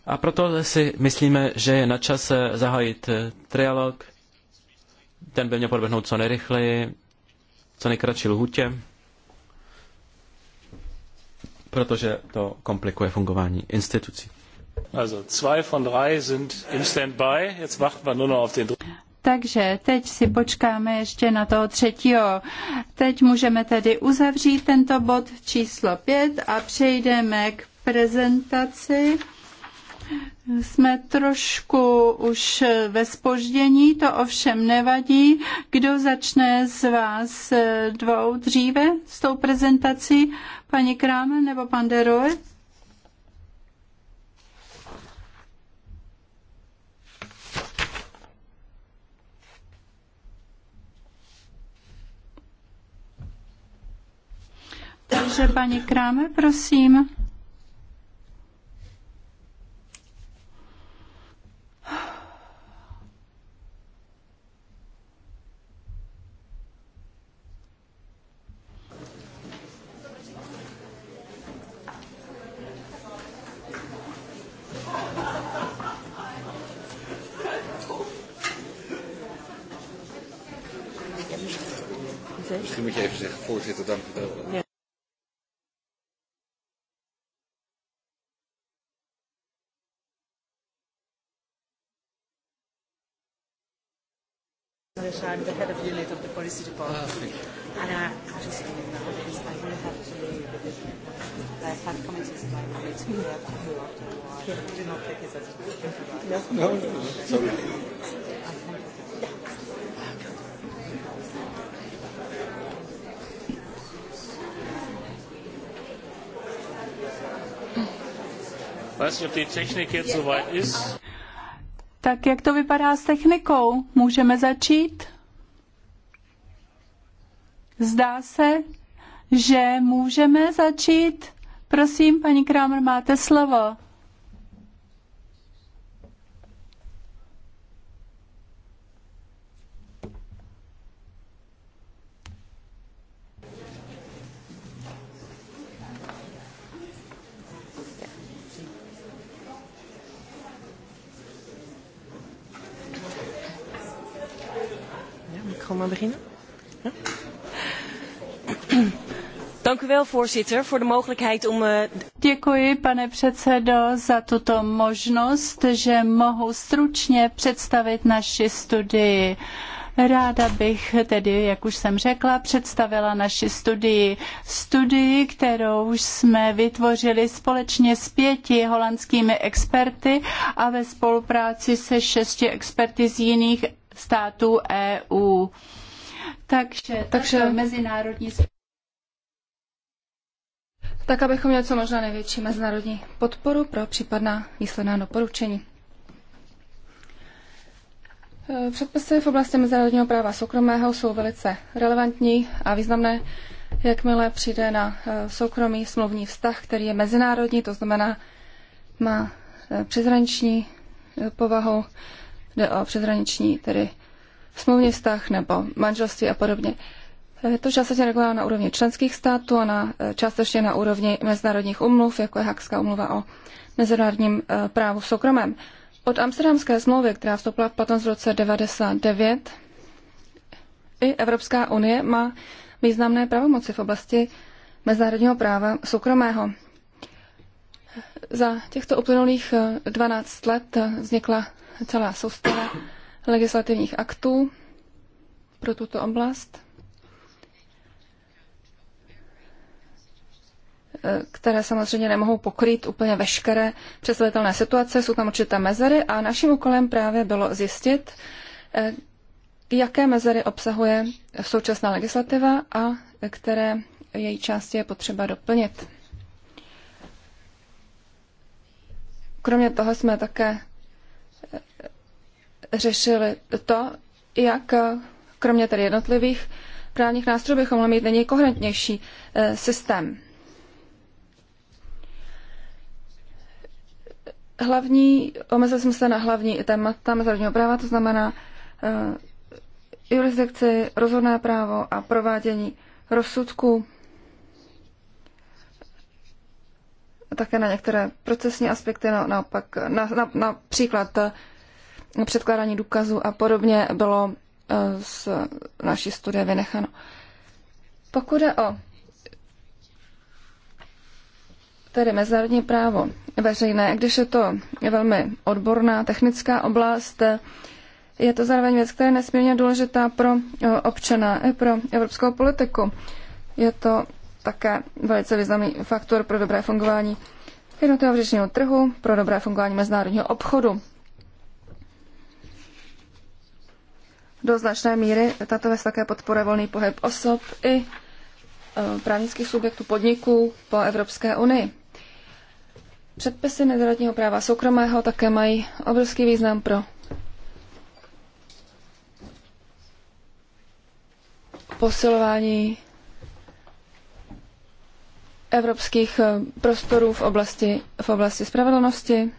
A proto si myslíme, že je na čase zahájit trialog. Ten by měl proběhnout co nejrychleji, co nejkratší lhutě, protože to komplikuje fungování institucí. Takže teď si počkáme ještě na toho třetího. Teď můžeme tedy uzavřít tento bod číslo 5 a přejdeme k prezentaci. Jsme trošku už ve spoždění, to ovšem nevadí. Kdo začne z vás dvou dříve s tou prezentací? Paní Kráme nebo pan Deroy? Takže paní Kráme, prosím. it. I'm the head of unit of the policy department. Ah, And I just now because I really have to leave because I've had comments in my colleagues who have after a while. Sure. Do not take it as a No, no, no. Sorry. I think Ich weiß nicht, ob die Technik jetzt soweit ist. Tak jak to vypadá s technikou? Můžeme začít? Zdá se, že můžeme začít. Prosím, paní Kramer, máte slovo. Dank u wel, voorzitter, voor de mogelijkheid om... Eh, Děkuji, pane předsedo, za tuto možnost, že mohu stručně představit naši studii. Ráda bych tedy, jak už jsem řekla, představila naši studii. Studii, kterou jsme vytvořili společně s pěti holandskými experty a ve spolupráci se šesti experty z jiných států EU. Takže, takže mezinárodní tak abychom měli co možná největší mezinárodní podporu pro případná výsledná doporučení. E, předpisy v oblasti mezinárodního práva soukromého jsou velice relevantní a významné, jakmile přijde na e, soukromý smluvní vztah, který je mezinárodní, to znamená, má e, přezraniční povahu, jde o přezraniční tedy smluvní vztah nebo manželství a podobně. Je eh, to částečně regulováno na úrovni členských států a na, eh, částečně na úrovni mezinárodních umluv, jako je Hakská umluva o mezinárodním eh, právu v soukromém. Od Amsterdamské smlouvy, která vstoupila v platnost v roce 1999, i Evropská unie má významné pravomoci v oblasti mezinárodního práva soukromého. Za těchto uplynulých 12 let vznikla celá soustava legislativních aktů pro tuto oblast. E, které samozřejmě nemohou pokrýt úplně veškeré představitelné situace, jsou tam určité mezery a naším úkolem právě bylo zjistit, e, jaké mezery obsahuje současná legislativa a které její části je potřeba doplnit. Kromě toho jsme také e, řešili to, jak kromě tedy jednotlivých právních nástrojů bychom mohli mít nyní systém. Hlavní, omezili jsme se na hlavní témata mezinárodního práva, to znamená uh, jurisdikci, rozhodné právo a provádění rozsudku. Také na některé procesní aspekty, no, naopak na, na, například na eh, předkládání důkazů a podobně bylo uh, z naší studie vynecháno. Pokud je o tedy mezinárodní právo veřejné, když je to velmi odborná technická oblast, je to zároveň věc, která je nesmírně důležitá pro eh, občana i pro evropskou politiku. Je to také velice významný faktor pro dobré fungování jednotného vřečního trhu, pro dobré fungování mezinárodního obchodu. Do značné míry tato věc také podporuje volný pohyb osob i eh, právnických subjektů podniků po Evropské unii. Předpisy mezinárodního práva soukromého také mají obrovský význam pro posilování evropských eh, prostorů v oblasti, v oblasti spravedlnosti.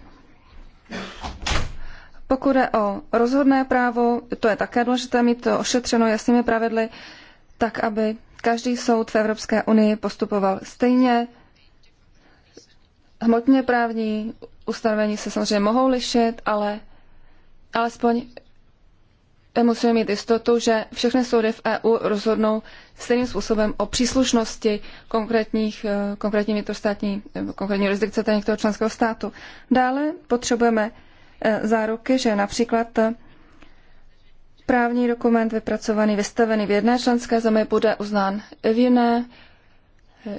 Pokud je o rozhodné právo, to je také důležité mít to ošetřeno jasnými pravidly, tak aby každý soud v Evropské unii postupoval stejně, hmotně právní ustanovení se samozřejmě mohou lišit, ale alespoň musíme mít jistotu, že všechny soudy v EU rozhodnou stejným způsobem o příslušnosti konkrétních, eh, konkrétní vnitrostátní, eh, konkrétní jurisdikce té některého členského státu. Dále potřebujeme eh, záruky, že například právní dokument vypracovaný, vystavený v jedné členské zemi bude uznán v jiné,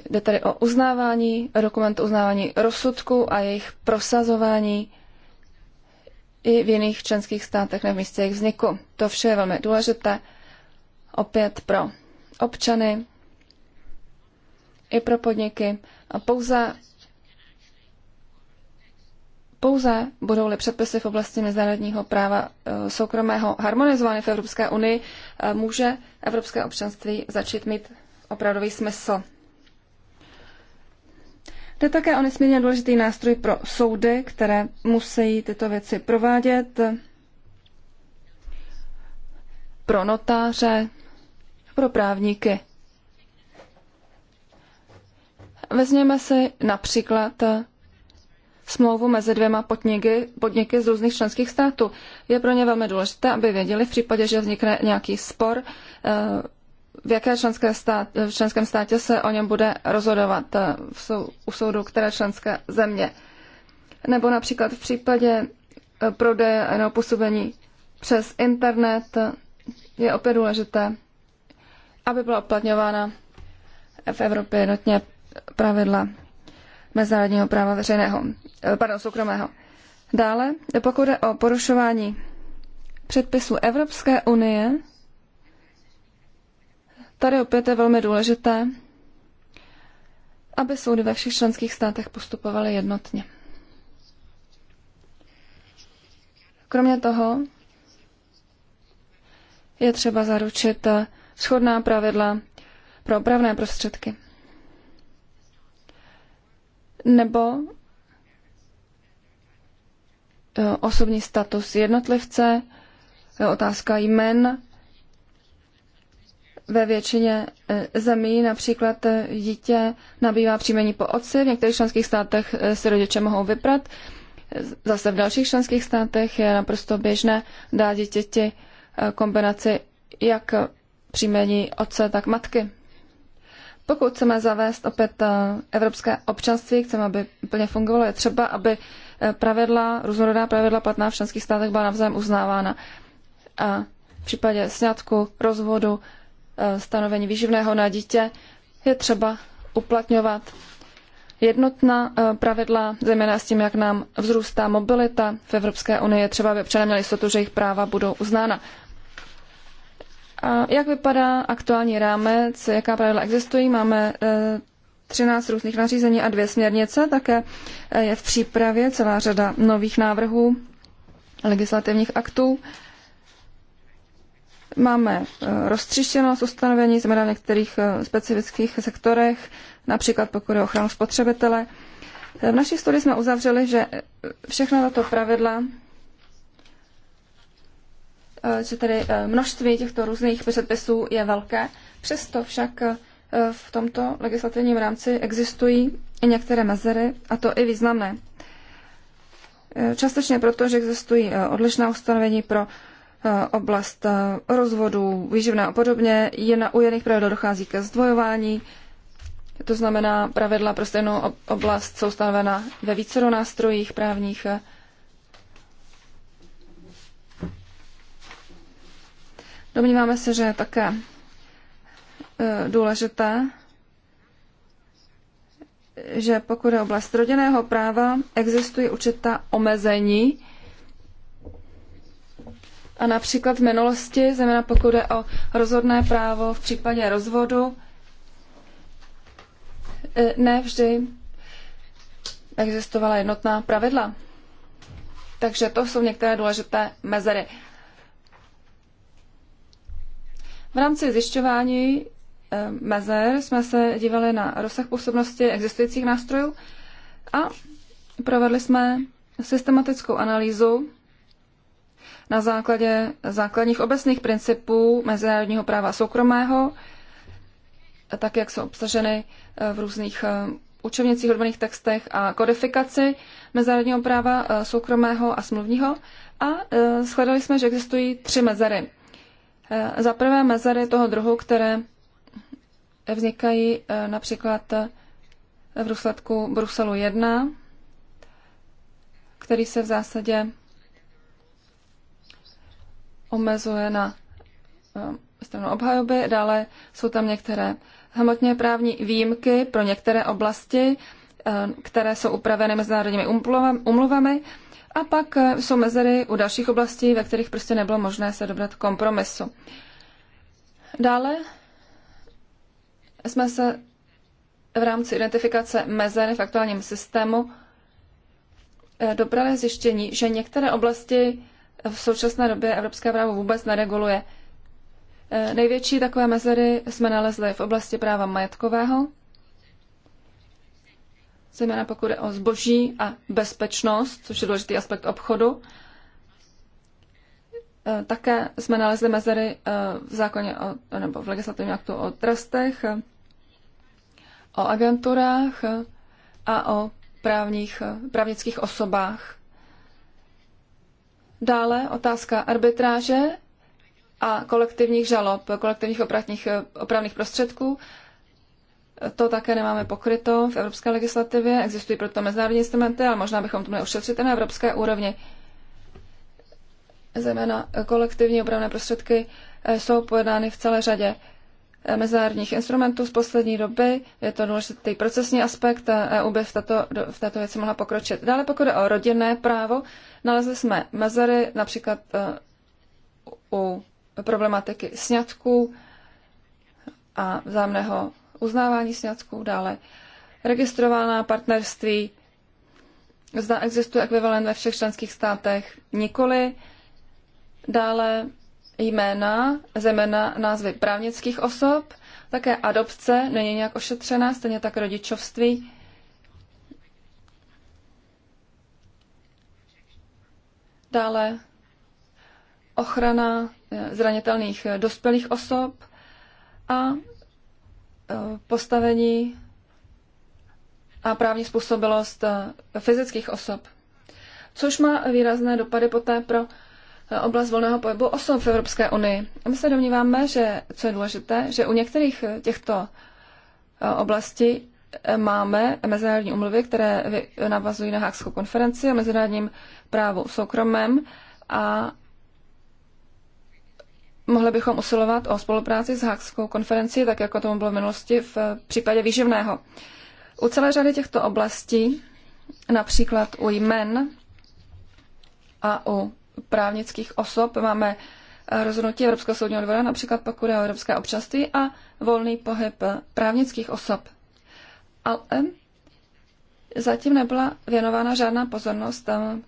Jde tedy o uznávání dokumentu, uznávání rozsudku a jejich prosazování i v jiných členských státech na místě jejich vzniku. To vše je velmi důležité opět pro občany i pro podniky. A pouze, pouze budou-li předpisy v oblasti mezinárodního práva eh, soukromého harmonizovány v Evropské unii, eh, může evropské občanství začít mít opravdový smysl. Jde také o nesmírně důležitý nástroj pro soudy, které musí tyto věci provádět, pro notáře, pro právníky. Vezměme si například smlouvu mezi dvěma podniky, podniky z různých členských států. Je pro ně velmi důležité, aby věděli v případě, že vznikne nějaký spor, eh, v jaké členské stát, v členském státě se o něm bude rozhodovat eh, v sou, u soudu které členské země. Nebo například v případě eh, prodeje nebo působení přes internet eh, je opět důležité, aby byla uplatňována v Evropě jednotně pravidla mezinárodního práva veřejného, pardon, soukromého. Dále, pokud jde o porušování předpisů Evropské unie, Tady opět je velmi důležité, aby soudy ve všech členských státech postupovaly jednotně. Kromě toho je třeba zaručit shodná pravidla pro opravné prostředky. Nebo eh, osobní status jednotlivce, eh, otázka jmen ve většině e, zemí například e, dítě nabývá příjmení po otci, v některých členských státech e, si rodiče mohou vyprat, zase v dalších členských státech je naprosto běžné dát dítěti kombinaci jak příjmení otce, tak matky. Pokud chceme zavést opět evropské občanství, chceme, aby plně fungovalo, je třeba, aby pravidla, různorodá pravidla platná v členských státech byla navzájem uznávána. A v případě sňatku, rozvodu, Eh, stanovení výživného na dítě, je třeba uplatňovat jednotná eh, pravidla, zejména s tím, jak nám vzrůstá mobilita v Evropské unii, je třeba, aby občané měli jistotu, že jejich práva budou uznána. A jak vypadá aktuální rámec, jaká pravidla existují? Máme 13 eh, různých nařízení a dvě směrnice, také je v přípravě celá řada nových návrhů legislativních aktů. Máme eh, roztříštěnost ustanovení, znamená v některých eh, specifických sektorech, například pokud je ochranu spotřebitele. V naší studii jsme uzavřeli, že eh, všechna tato pravidla že tedy množství těchto různých předpisů je velké. Přesto však v tomto legislativním rámci existují i některé mezery, a to i významné. Částečně proto, že existují odlišná ustanovení pro Eh, oblast eh, rozvodů, výživné a podobně. Jen u ujených pravidel dochází ke zdvojování. To znamená, pravidla pro stejnou oblast jsou stanovena ve vícero nástrojích právních. Domníváme se, že je také eh, důležité, že pokud je oblast rodinného práva, existují určitá omezení, a například v minulosti, zejména pokud jde o rozhodné právo v případě rozvodu, e, ne vždy existovala jednotná pravidla. Takže to jsou některé důležité mezery. V rámci zjišťování e, mezer jsme se dívali na rozsah působnosti existujících nástrojů a provedli jsme systematickou analýzu na základě základních obecných principů mezinárodního práva soukromého, tak jak jsou obsaženy eh, v různých eh, učebnicích, odborných textech a kodifikaci mezinárodního práva eh, soukromého a smluvního. A shledali jsme, že existují tři mezery. Za prvé mezery toho druhu, které vznikají například v důsledku Bruselu 1, který se v zásadě omezuje na eh, stranu obhajoby. Dále jsou tam některé hmotně právní výjimky pro některé oblasti, eh, které jsou upraveny mezinárodními umluvami. A pak eh, jsou mezery u dalších oblastí, ve kterých prostě nebylo možné se dobrat kompromisu. Dále jsme se v rámci identifikace mezer v aktuálním systému dobrali zjištění, že některé oblasti v současné době evropské právo vůbec nereguluje. Eh, největší takové mezery jsme nalezli v oblasti práva majetkového, zejména pokud je o zboží a bezpečnost, což je důležitý aspekt obchodu. Eh, také jsme nalezli mezery eh, v zákoně o, nebo v legislativním aktu o trestech, o agenturách a o právních, právnických osobách. Dále otázka arbitráže a kolektivních žalob, kolektivních opravných, opravných prostředků. To také nemáme pokryto v evropské legislativě. Existují proto mezinárodní instrumenty, ale možná bychom to měli ošetřit na evropské úrovni. Zejména kolektivní opravné prostředky eh, jsou pojednány v celé řadě Eh, mezinárodních instrumentů z poslední doby. Je to důležitý procesní aspekt a EU by v této, v této věci mohla pokročit. Dále pokud je o rodinné právo, nalezli jsme mezery například eh, u problematiky sňatků a vzájemného uznávání sňatků, dále registrovaná partnerství, zda existuje ekvivalent ve všech členských státech, nikoli. Dále jména, zejména názvy právnických osob, také adopce není nějak ošetřená, stejně tak rodičovství. Dále ochrana eh, zranitelných eh, dospělých osob a eh, postavení a právní způsobilost fyzických osob, což má výrazné dopady poté pro oblast volného pohybu osob v Evropské unii. A my se domníváme, že, co je důležité, že u některých eh, těchto eh, oblastí eh, máme mezinárodní umluvy, které navazují na Hákskou konferenci o mezinárodním právu soukromém a mohli bychom usilovat o spolupráci s Hákskou konferenci, tak jako tomu bylo v minulosti v případě výživného. U celé řady těchto oblastí, například u jmen a u právnických osob. Máme rozhodnutí Evropského soudního dvora, například pokud je o evropské občanství a volný pohyb právnických osob. Ale zatím nebyla věnována žádná pozornost um,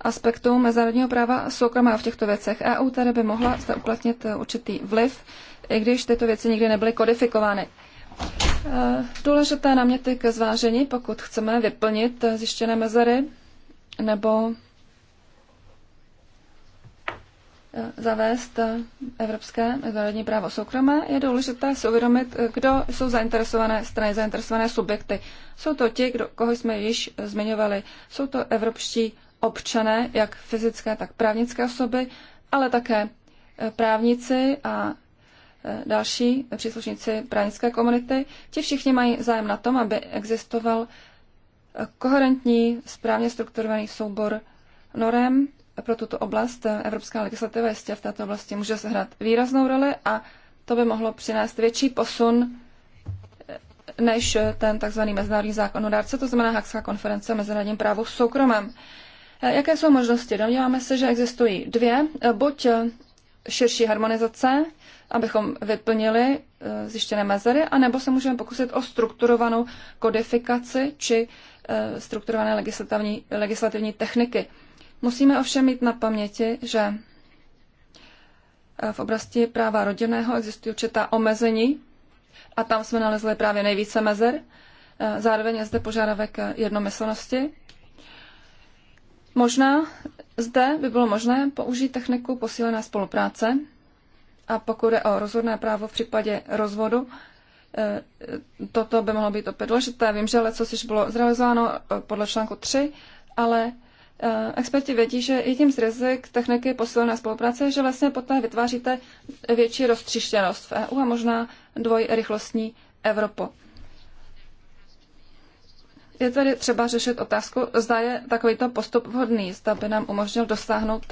aspektu mezinárodního práva soukromá v těchto věcech. EU tady by mohla zde uplatnit uh, určitý vliv, i když tyto věci nikdy nebyly kodifikovány. Uh, důležité náměty k zvážení, pokud chceme vyplnit uh, zjištěné mezery nebo Eh, zavést eh, evropské mezinárodní právo soukromé, je důležité si uvědomit, eh, kdo jsou zainteresované strany, zainteresované subjekty. Jsou to ti, kdo, koho jsme již zmiňovali. Jsou to evropští občané, jak fyzické, tak právnické osoby, ale také právníci a další příslušníci právnické komunity. Ti všichni mají zájem na tom, aby existoval koherentní, správně strukturovaný soubor norem, pro tuto oblast eh, evropská legislativa jistě v této oblasti může sehrát výraznou roli a to by mohlo přinést větší posun eh, než eh, ten tzv. mezinárodní zákonodárce, to znamená Hakská konference o mezinárodním právu v soukromém. Jaké jsou možnosti? Domníváme se, že existují dvě. Buď širší harmonizace, abychom vyplnili zjištěné mezery, anebo se můžeme pokusit o strukturovanou kodifikaci či strukturované legislativní, legislativní techniky. Musíme ovšem mít na paměti, že eh, v oblasti práva rodinného existují určitá omezení a tam jsme nalezli právě nejvíce mezer. Eh, zároveň je zde požadavek eh, jednomyslnosti. Možná zde by bylo možné použít techniku posílené spolupráce a pokud je o rozhodné právo v případě rozvodu, toto by mohlo být opět důležité. Vím, že leco již bylo zrealizováno podle článku 3, ale Eh, experti vědí, že i tím z rizik techniky posilné spolupráce, že vlastně poté vytváříte větší roztřištěnost v EU a možná dvojrychlostní Evropo. Je tedy třeba řešit otázku, zda je takovýto postup vhodný, zda by nám umožnil dosáhnout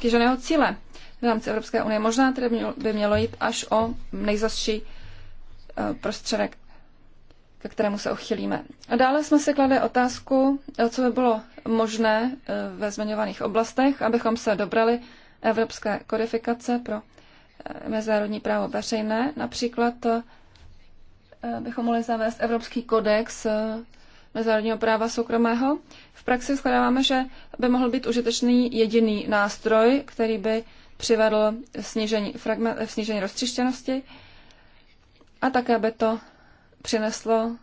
kýženého cíle v rámci Evropské unie. Možná tedy by mělo jít až o nejzasší eh, prostředek ke kterému se ochylíme. A dále jsme si kladli otázku, co by bylo možné e, ve zmiňovaných oblastech, abychom se dobrali evropské kodifikace pro e, mezinárodní právo veřejné. Například e, bychom mohli zavést Evropský kodex mezinárodního práva soukromého. V praxi shledáváme, že by mohl být užitečný jediný nástroj, který by přivedl snížení, fragment, snížení roztřištěnosti a také by to přineslo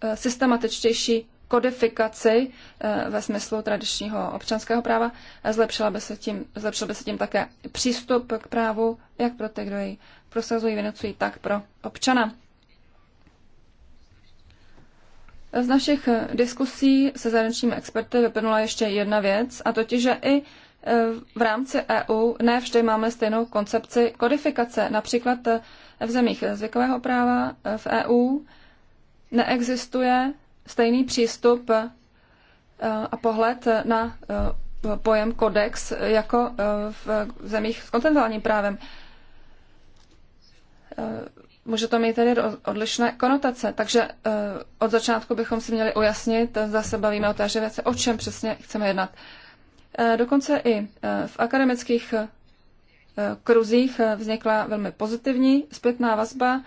eh, systematičtější kodifikaci eh, ve smyslu tradičního občanského práva. Zlepšila by se tím, zlepšil by se tím také přístup k právu, jak pro ty, kdo ji prosazují, vynocují, tak pro občana. Z našich eh, diskusí se zahraničními experty vyplnula ještě jedna věc, a totiž, že i v rámci EU ne vždy máme stejnou koncepci kodifikace. Například eh, v zemích zvykového práva eh, v EU neexistuje stejný přístup eh, a pohled na pojem kodex jako v zemích s kontinentálním právem. Může to mít tedy odlišné konotace, takže od začátku bychom si měli ujasnit, zase bavíme o téže věci, o čem přesně chceme jednat. Eh, dokonce i eh, v akademických eh, kruzích vznikla velmi pozitivní zpětná vazba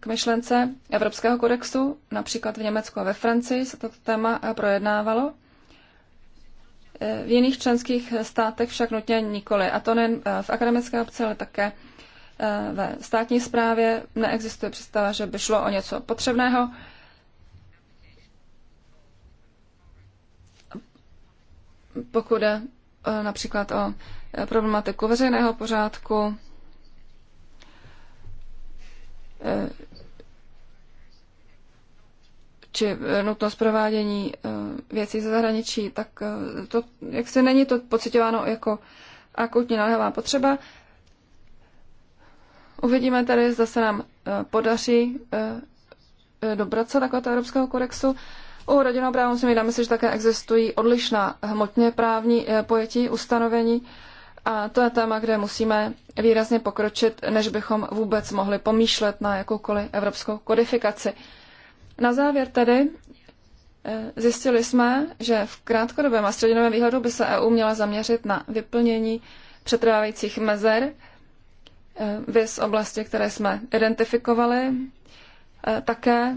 k myšlence Evropského kodexu. Například v Německu a ve Francii se toto téma projednávalo. V jiných členských státech však nutně nikoli. A to nejen v akademické obci, ale také ve státní správě neexistuje představa, že by šlo o něco potřebného. pokud jde eh, například o eh, problematiku veřejného pořádku, eh, či nutnost provádění věcí ze zahraničí, tak to, jak se není to pocitováno jako akutní naléhavá potřeba. Uvidíme tady, zda se nám podaří dobrat se takového evropského kodexu. U rodinnoprávního si dáme myslím, že také existují odlišná hmotně právní eh, pojetí, ustanovení a to je téma, kde musíme výrazně pokročit, než bychom vůbec mohli pomýšlet na jakoukoliv evropskou kodifikaci. Na závěr tedy eh, zjistili jsme, že v krátkodobém a středinovém výhledu by se EU měla zaměřit na vyplnění přetrvávajících mezer, eh, vys oblasti, které jsme identifikovali. Také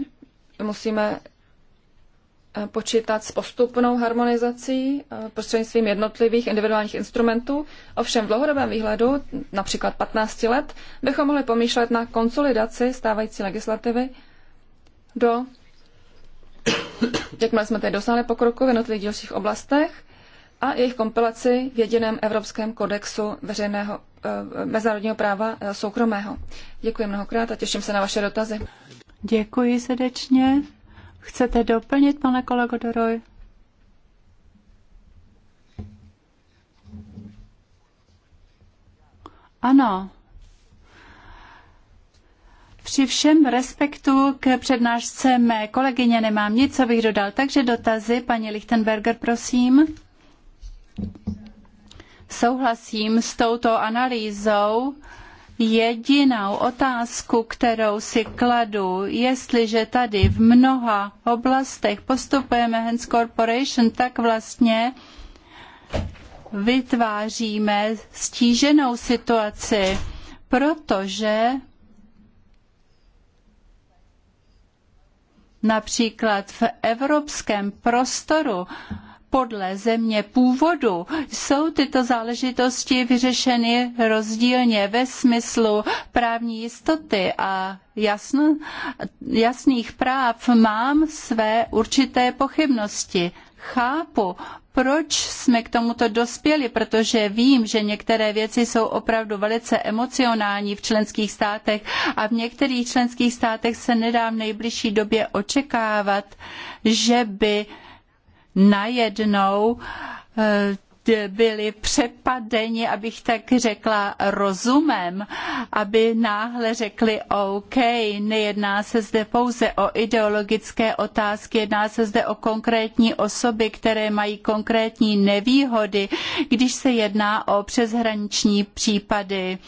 musíme Eh, počítat s postupnou harmonizací eh, prostřednictvím jednotlivých individuálních instrumentů. Ovšem v dlouhodobém výhledu, například 15 let, bychom mohli pomýšlet na konsolidaci stávající legislativy do, jakmile jsme tedy dosáhli pokroku v jednotlivých dílčích oblastech, a jejich kompilaci v jediném Evropském kodexu veřejného, eh, mezinárodního práva soukromého. Děkuji mnohokrát a těším se na vaše dotazy. Děkuji srdečně. Chcete doplnit, pane kolego Doroj? Ano. Při všem respektu k přednášce mé kolegyně nemám nic, co bych dodal. Takže dotazy, paní Lichtenberger, prosím. Souhlasím s touto analýzou Jedinou otázku, kterou si kladu, jestliže tady v mnoha oblastech postupujeme Hands Corporation, tak vlastně vytváříme stíženou situaci, protože například v evropském prostoru podle země původu jsou tyto záležitosti vyřešeny rozdílně ve smyslu právní jistoty a jasn, jasných práv mám své určité pochybnosti. Chápu, proč jsme k tomuto dospěli, protože vím, že některé věci jsou opravdu velice emocionální v členských státech a v některých členských státech se nedá v nejbližší době očekávat, že by najednou eh, byli přepadeni, abych tak řekla, rozumem, aby náhle řekli OK, nejedná se zde pouze o ideologické otázky, jedná se zde o konkrétní osoby, které mají konkrétní nevýhody, když se jedná o přeshraniční případy.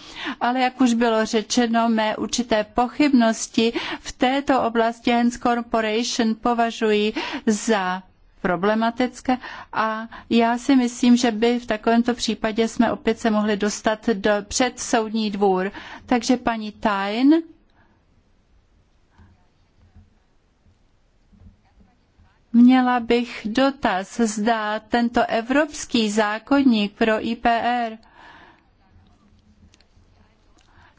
Ale jak už bylo řečeno, mé určité pochybnosti v této oblasti Hans Corporation považuji za problematické a já si myslím, že by v takovémto případě jsme opět se mohli dostat do, před soudní dvůr. Takže paní Tain. Měla bych dotaz, zda tento evropský zákonník pro IPR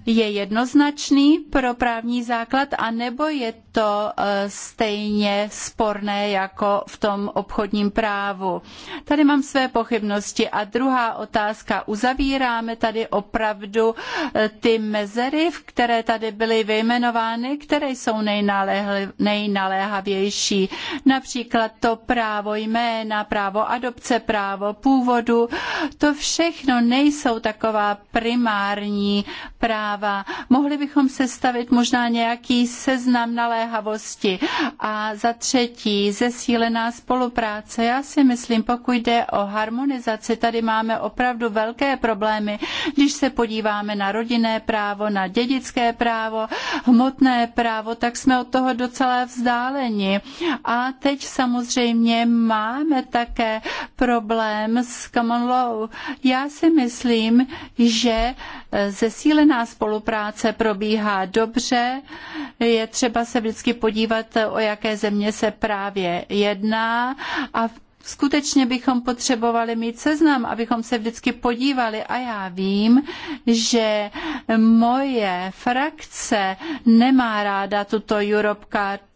je jednoznačný pro právní základ, anebo je to eh, stejně sporné jako v tom obchodním právu. Tady mám své pochybnosti. A druhá otázka. Uzavíráme tady opravdu eh, ty mezery, které tady byly vyjmenovány, které jsou nejnaléhavější. Například to právo jména, právo adopce, právo původu. To všechno nejsou taková primární práva práva. Mohli bychom sestavit možná nějaký seznam naléhavosti. A za třetí, zesílená spolupráce. Já si myslím, pokud jde o harmonizaci, tady máme opravdu velké problémy, když se podíváme na rodinné právo, na dědické právo, hmotné právo, tak jsme od toho docela vzdáleni. A teď samozřejmě máme také problém s common law. Já si myslím, že zesílená spolupráce spolupráce probíhá dobře. Je třeba se vždycky podívat, o jaké země se právě jedná a skutečně bychom potřebovali mít seznam, abychom se vždycky podívali. A já vím, že moje frakce nemá ráda tuto Europecard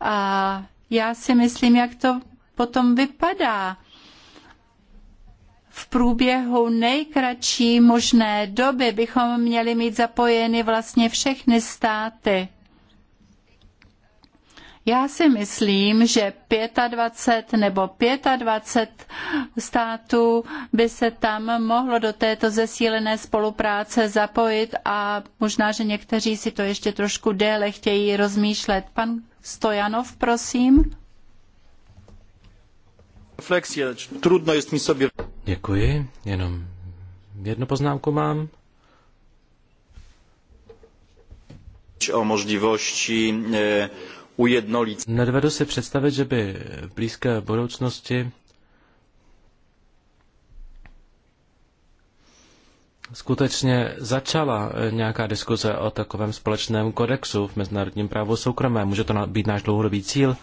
a já si myslím, jak to potom vypadá v průběhu nejkratší možné doby bychom měli mít zapojeny vlastně všechny státy. Já si myslím, že 25 nebo 25 států by se tam mohlo do této zesílené spolupráce zapojit a možná, že někteří si to ještě trošku déle chtějí rozmýšlet. Pan Stojanov, prosím. Reflexie, trudno jest mi sobie... Děkuji, jenom jednu poznámku mám. O možnosti e, ujednolicení. Nedovedu si představit, že by v blízké budoucnosti skutečně začala nějaká diskuze o takovém společném kodexu v mezinárodním právu soukromé. Může to být náš dlouhodobý cíl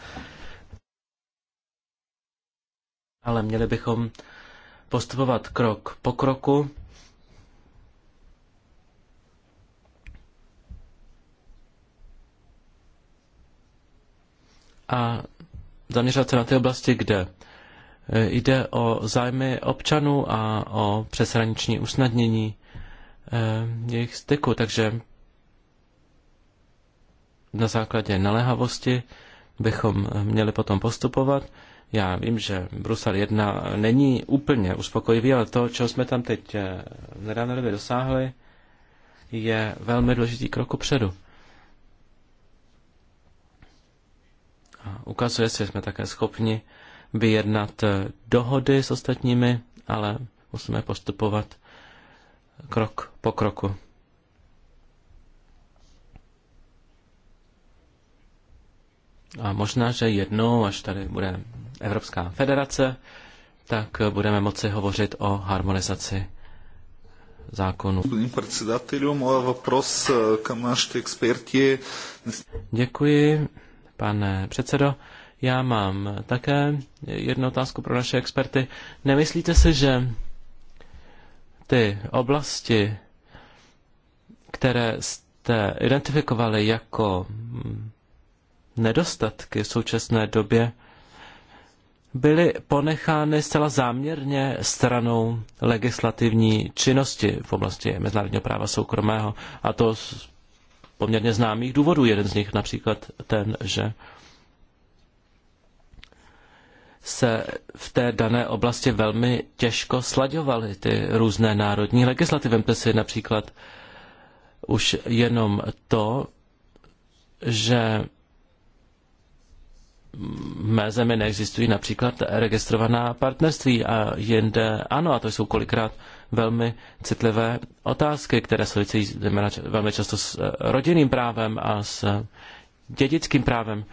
ale měli bychom postupovat krok po kroku. A zaměřovat se na ty oblasti, kde eh, jde o zájmy občanů a o přeshraniční usnadnění eh, jejich styku. Takže na základě naléhavosti bychom měli potom postupovat. Já vím, že Brusel 1 není úplně uspokojivý, ale to, čeho jsme tam teď eh, v nedávné době dosáhli, je velmi důležitý krok upředu. A ukazuje se, že jsme také schopni vyjednat eh, dohody s ostatními, ale musíme postupovat krok po kroku. A možná, že jednou, až tady bude Evropská federace, tak budeme moci hovořit o harmonizaci zákonů. Děkuji, pane předsedo. Já mám také jednu otázku pro naše experty. Nemyslíte si, že ty oblasti, které jste identifikovali jako nedostatky v současné době byly ponechány zcela záměrně stranou legislativní činnosti v oblasti mezinárodního práva soukromého. A to z poměrně známých důvodů. Jeden z nich například ten, že se v té dané oblasti velmi těžko slaďovaly ty různé národní legislativy. Vemte si například už jenom to, že mé zemi neexistují například registrovaná partnerství a jinde ano, a to jsou kolikrát velmi citlivé otázky, které souvisejí velmi často s eh, rodinným právem a s dědickým právem.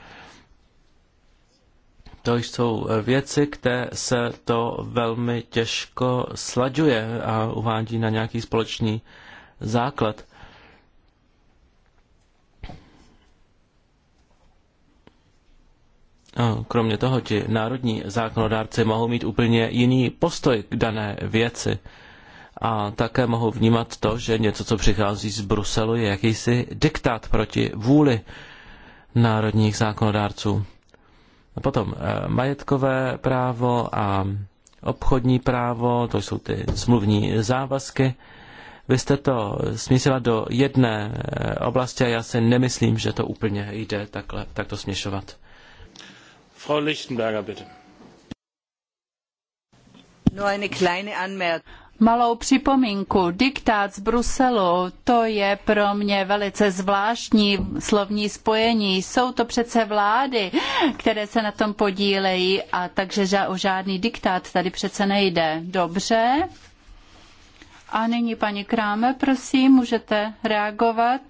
To jsou eh, věci, kde se to velmi těžko slaďuje a uvádí na nějaký společný základ. kromě toho, ti národní zákonodárci mohou mít úplně jiný postoj k dané věci a také mohou vnímat to, že něco, co přichází z Bruselu, je jakýsi diktát proti vůli národních zákonodárců. A potom eh, majetkové právo a obchodní právo, to jsou ty smluvní závazky. Vy jste to smísila do jedné eh, oblasti a já si nemyslím, že to úplně jde takhle, takto směšovat. Frau Lichtenberger, bitte. Nur eine kleine Anmerkung. Malou připomínku. Diktát z Bruselu, to je pro mě velice zvláštní slovní spojení. Jsou to přece vlády, které se na tom podílejí a takže o žádný diktát tady přece nejde. Dobře. A nyní paní Kráme, prosím, můžete reagovat.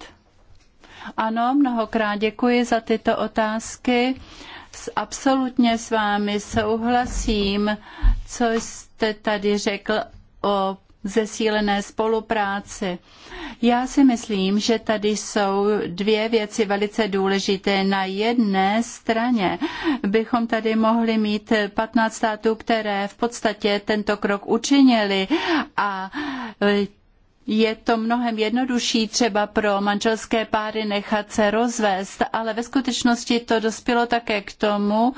Ano, mnohokrát děkuji za tyto otázky absolutně s vámi souhlasím, co jste tady řekl o zesílené spolupráci. Já si myslím, že tady jsou dvě věci velice důležité. Na jedné straně bychom tady mohli mít 15 států, které v podstatě tento krok učinili a e, je to mnohem jednodušší třeba pro manželské páry nechat se rozvést, ale ve skutečnosti to dospělo také k tomu,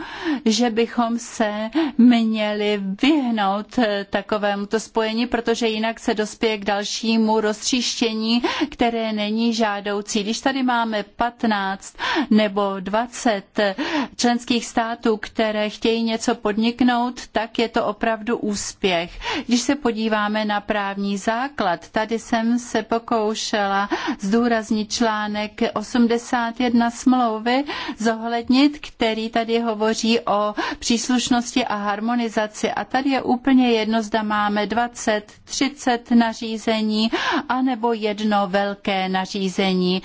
že bychom se měli vyhnout eh, takovémuto spojení, protože jinak se dospěje k dalšímu roztříštění, které není žádoucí. Když tady máme 15 nebo 20 členských států, které chtějí něco podniknout, tak je to opravdu úspěch. Když se podíváme na právní základ, tady kdy jsem se pokoušela zdůraznit článek 81 smlouvy, zohlednit, který tady hovoří o příslušnosti a harmonizaci. A tady je úplně jedno, zda máme 20, 30 nařízení, anebo jedno velké nařízení.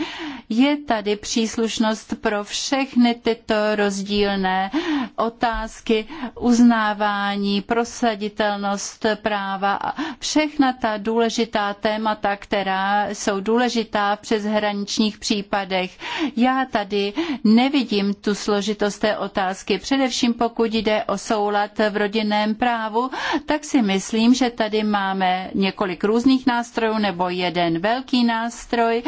Je tady příslušnost pro všechny tyto rozdílné otázky, uznávání, prosaditelnost práva, všechna ta důležitá témata, témata, která jsou důležitá v přeshraničních případech. Já tady nevidím tu složitost té otázky. Především pokud jde o soulad v rodinném právu, tak si myslím, že tady máme několik různých nástrojů nebo jeden velký nástroj,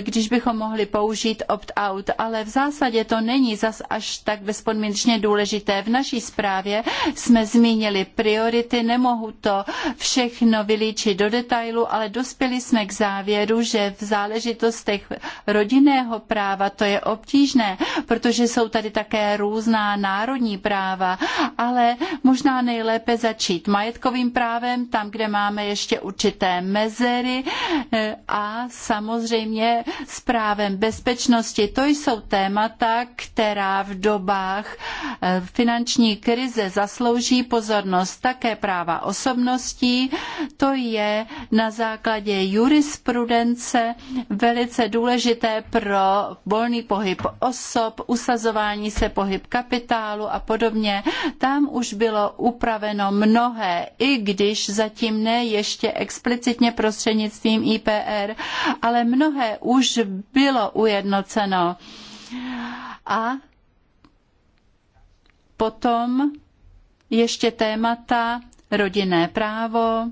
když bychom mohli použít opt-out, ale v zásadě to není zas až tak bezpodmínečně důležité. V naší zprávě jsme zmínili priority, nemohu to všechno vylíčit do detailu, ale dost dospěli jsme k závěru, že v záležitostech rodinného práva to je obtížné, protože jsou tady také různá národní práva, ale možná nejlépe začít majetkovým právem, tam, kde máme ještě určité mezery eh, a samozřejmě s právem bezpečnosti. To jsou témata, která v dobách eh, finanční krize zaslouží pozornost. Také práva osobností, to je na základě základě jurisprudence velice důležité pro volný pohyb osob, usazování se pohyb kapitálu a podobně. Tam už bylo upraveno mnohé, i když zatím ne ještě explicitně prostřednictvím IPR, ale mnohé už bylo ujednoceno. A potom ještě témata rodinné právo,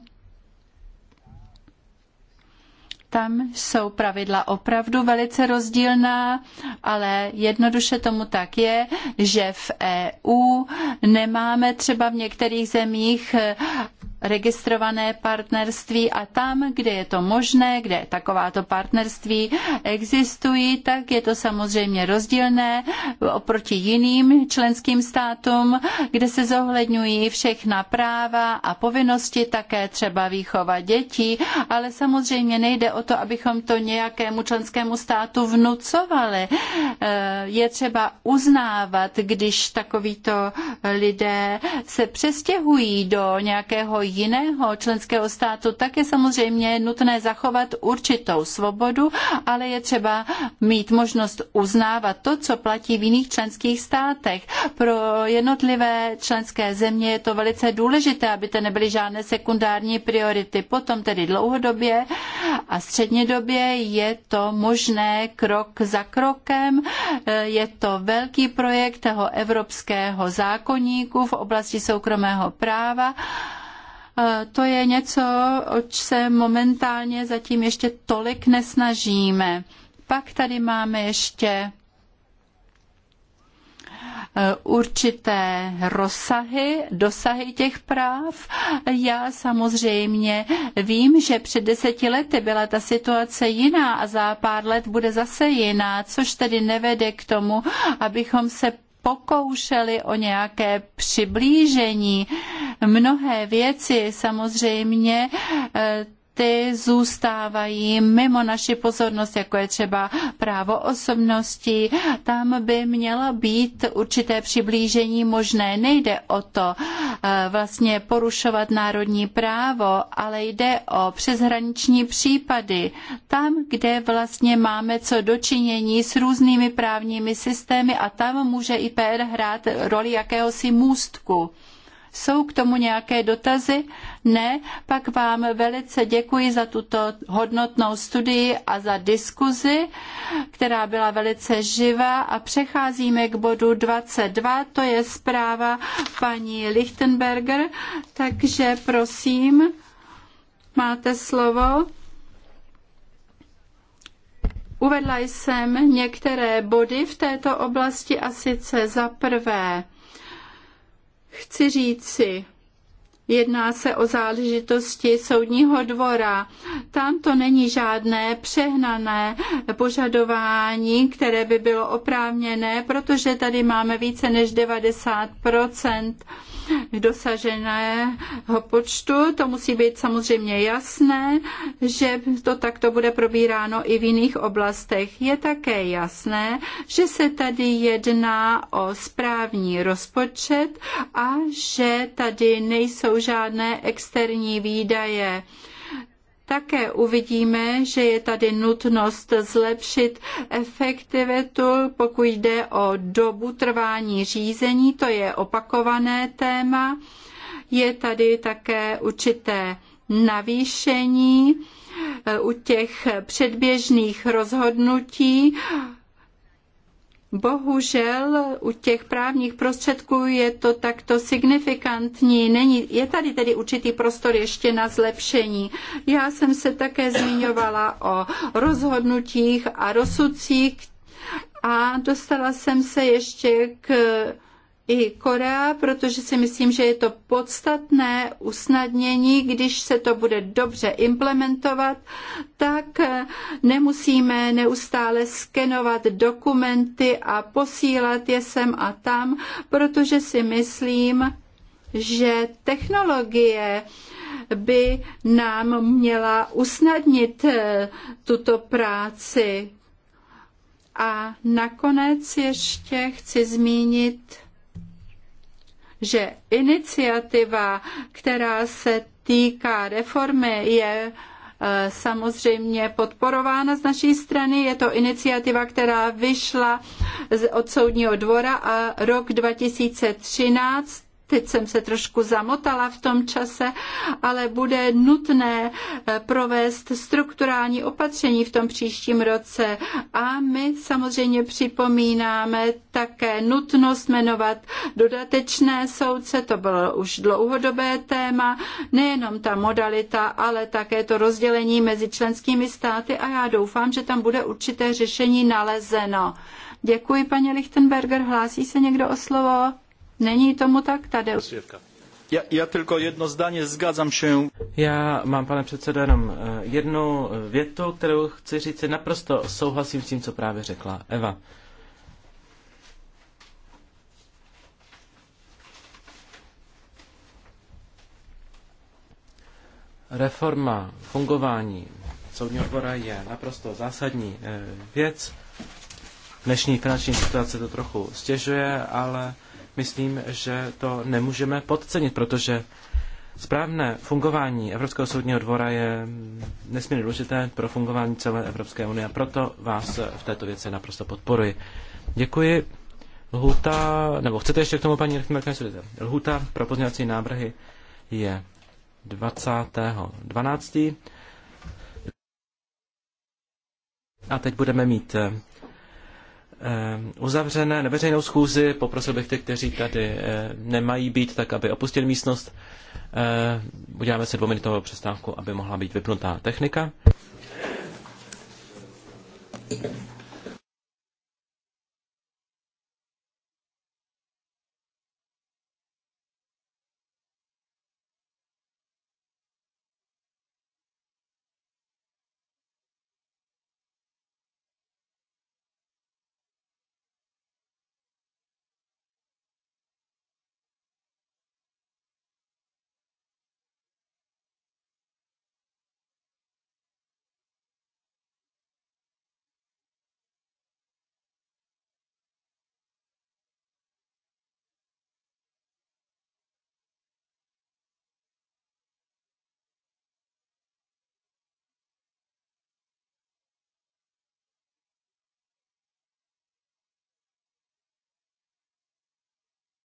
tam jsou pravidla opravdu velice rozdílná, ale jednoduše tomu tak je, že v EU nemáme třeba v některých zemích registrované partnerství a tam, kde je to možné, kde takováto partnerství existují, tak je to samozřejmě rozdílné oproti jiným členským státům, kde se zohledňují všechna práva a povinnosti, také třeba výchova dětí, ale samozřejmě nejde o to, abychom to nějakému členskému státu vnucovali. Eh, je třeba uznávat, když takovýto lidé se přestěhují do nějakého jiného členského státu, tak je samozřejmě nutné zachovat určitou svobodu, ale je třeba mít možnost uznávat to, co platí v jiných členských státech. Pro jednotlivé členské země je to velice důležité, aby to nebyly žádné sekundární priority. Potom tedy dlouhodobě a střednědobě je to možné krok za krokem. Je to velký projekt toho evropského zákoníku v oblasti soukromého práva Eh, to je něco, oč se momentálně zatím ještě tolik nesnažíme. Pak tady máme ještě eh, určité rozsahy, dosahy těch práv. Já samozřejmě vím, že před deseti lety byla ta situace jiná a za pár let bude zase jiná, což tedy nevede k tomu, abychom se pokoušeli o nějaké přiblížení. Mnohé věci samozřejmě eh, ty zůstávají mimo naši pozornost, jako je třeba právo osobnosti. Tam by mělo být určité přiblížení možné. Nejde o to eh, vlastně porušovat národní právo, ale jde o přeshraniční případy. Tam, kde vlastně máme co dočinění s různými právními systémy a tam může IPR hrát roli jakéhosi můstku. Jsou k tomu nějaké dotazy? ne, pak vám velice děkuji za tuto hodnotnou studii a za diskuzi, která byla velice živá a přecházíme k bodu 22, to je zpráva paní Lichtenberger, takže prosím, máte slovo. Uvedla jsem některé body v této oblasti a sice za prvé chci říci, Jedná se o záležitosti soudního dvora. Tam to není žádné přehnané požadování, které by bylo oprávněné, protože tady máme více než 90 dosaženého počtu. To musí být samozřejmě jasné, že to takto bude probíráno i v jiných oblastech. Je také jasné, že se tady jedná o správní rozpočet a že tady nejsou žádné externí výdaje. Také uvidíme, že je tady nutnost zlepšit efektivitu, pokud jde o dobu trvání řízení, to je opakované téma. Je tady také určité navýšení eh, u těch předběžných rozhodnutí Bohužel u těch právních prostředků je to takto signifikantní. Není, je tady tedy určitý prostor ještě na zlepšení. Já jsem se také zmiňovala o rozhodnutích a rozsudcích a dostala jsem se ještě k i Korea, protože si myslím, že je to podstatné usnadnění, když se to bude dobře implementovat, tak eh, nemusíme neustále skenovat dokumenty a posílat je sem a tam, protože si myslím, že technologie by nám měla usnadnit eh, tuto práci. A nakonec ještě chci zmínit že iniciativa, která se týká reformy, je eh, samozřejmě podporována z naší strany. Je to iniciativa, která vyšla od soudního dvora a rok 2013 Teď jsem se trošku zamotala v tom čase, ale bude nutné eh, provést strukturální opatření v tom příštím roce. A my samozřejmě připomínáme také nutnost jmenovat dodatečné soudce, to bylo už dlouhodobé téma, nejenom ta modalita, ale také to rozdělení mezi členskými státy a já doufám, že tam bude určité řešení nalezeno. Děkuji, paní Lichtenberger. Hlásí se někdo o slovo? Není tomu tak, tady. Já, já tylko jedno zdaně, zgadzam się. Já mám, pane předsedo, jenom e, jednu větu, kterou chci říct. Naprosto souhlasím s tím, co právě řekla Eva. Reforma fungování soudního dvora je naprosto zásadní e, věc. Dnešní finanční situace to trochu stěžuje, ale myslím, že to nemůžeme podcenit, protože správné fungování Evropského soudního dvora je nesmírně důležité pro fungování celé Evropské unie a proto vás v této věci naprosto podporuji. Děkuji. Lhuta, nebo chcete ještě k tomu, paní Rechtenberg, Lhuta pro pozměňovací návrhy je 20.12. A teď budeme mít Eh, uzavřené neveřejnou schůzi. Poprosil bych ty, kteří tady eh, nemají být, tak aby opustili místnost. Eh, uděláme si dvouminutovou přestávku, aby mohla být vypnutá technika.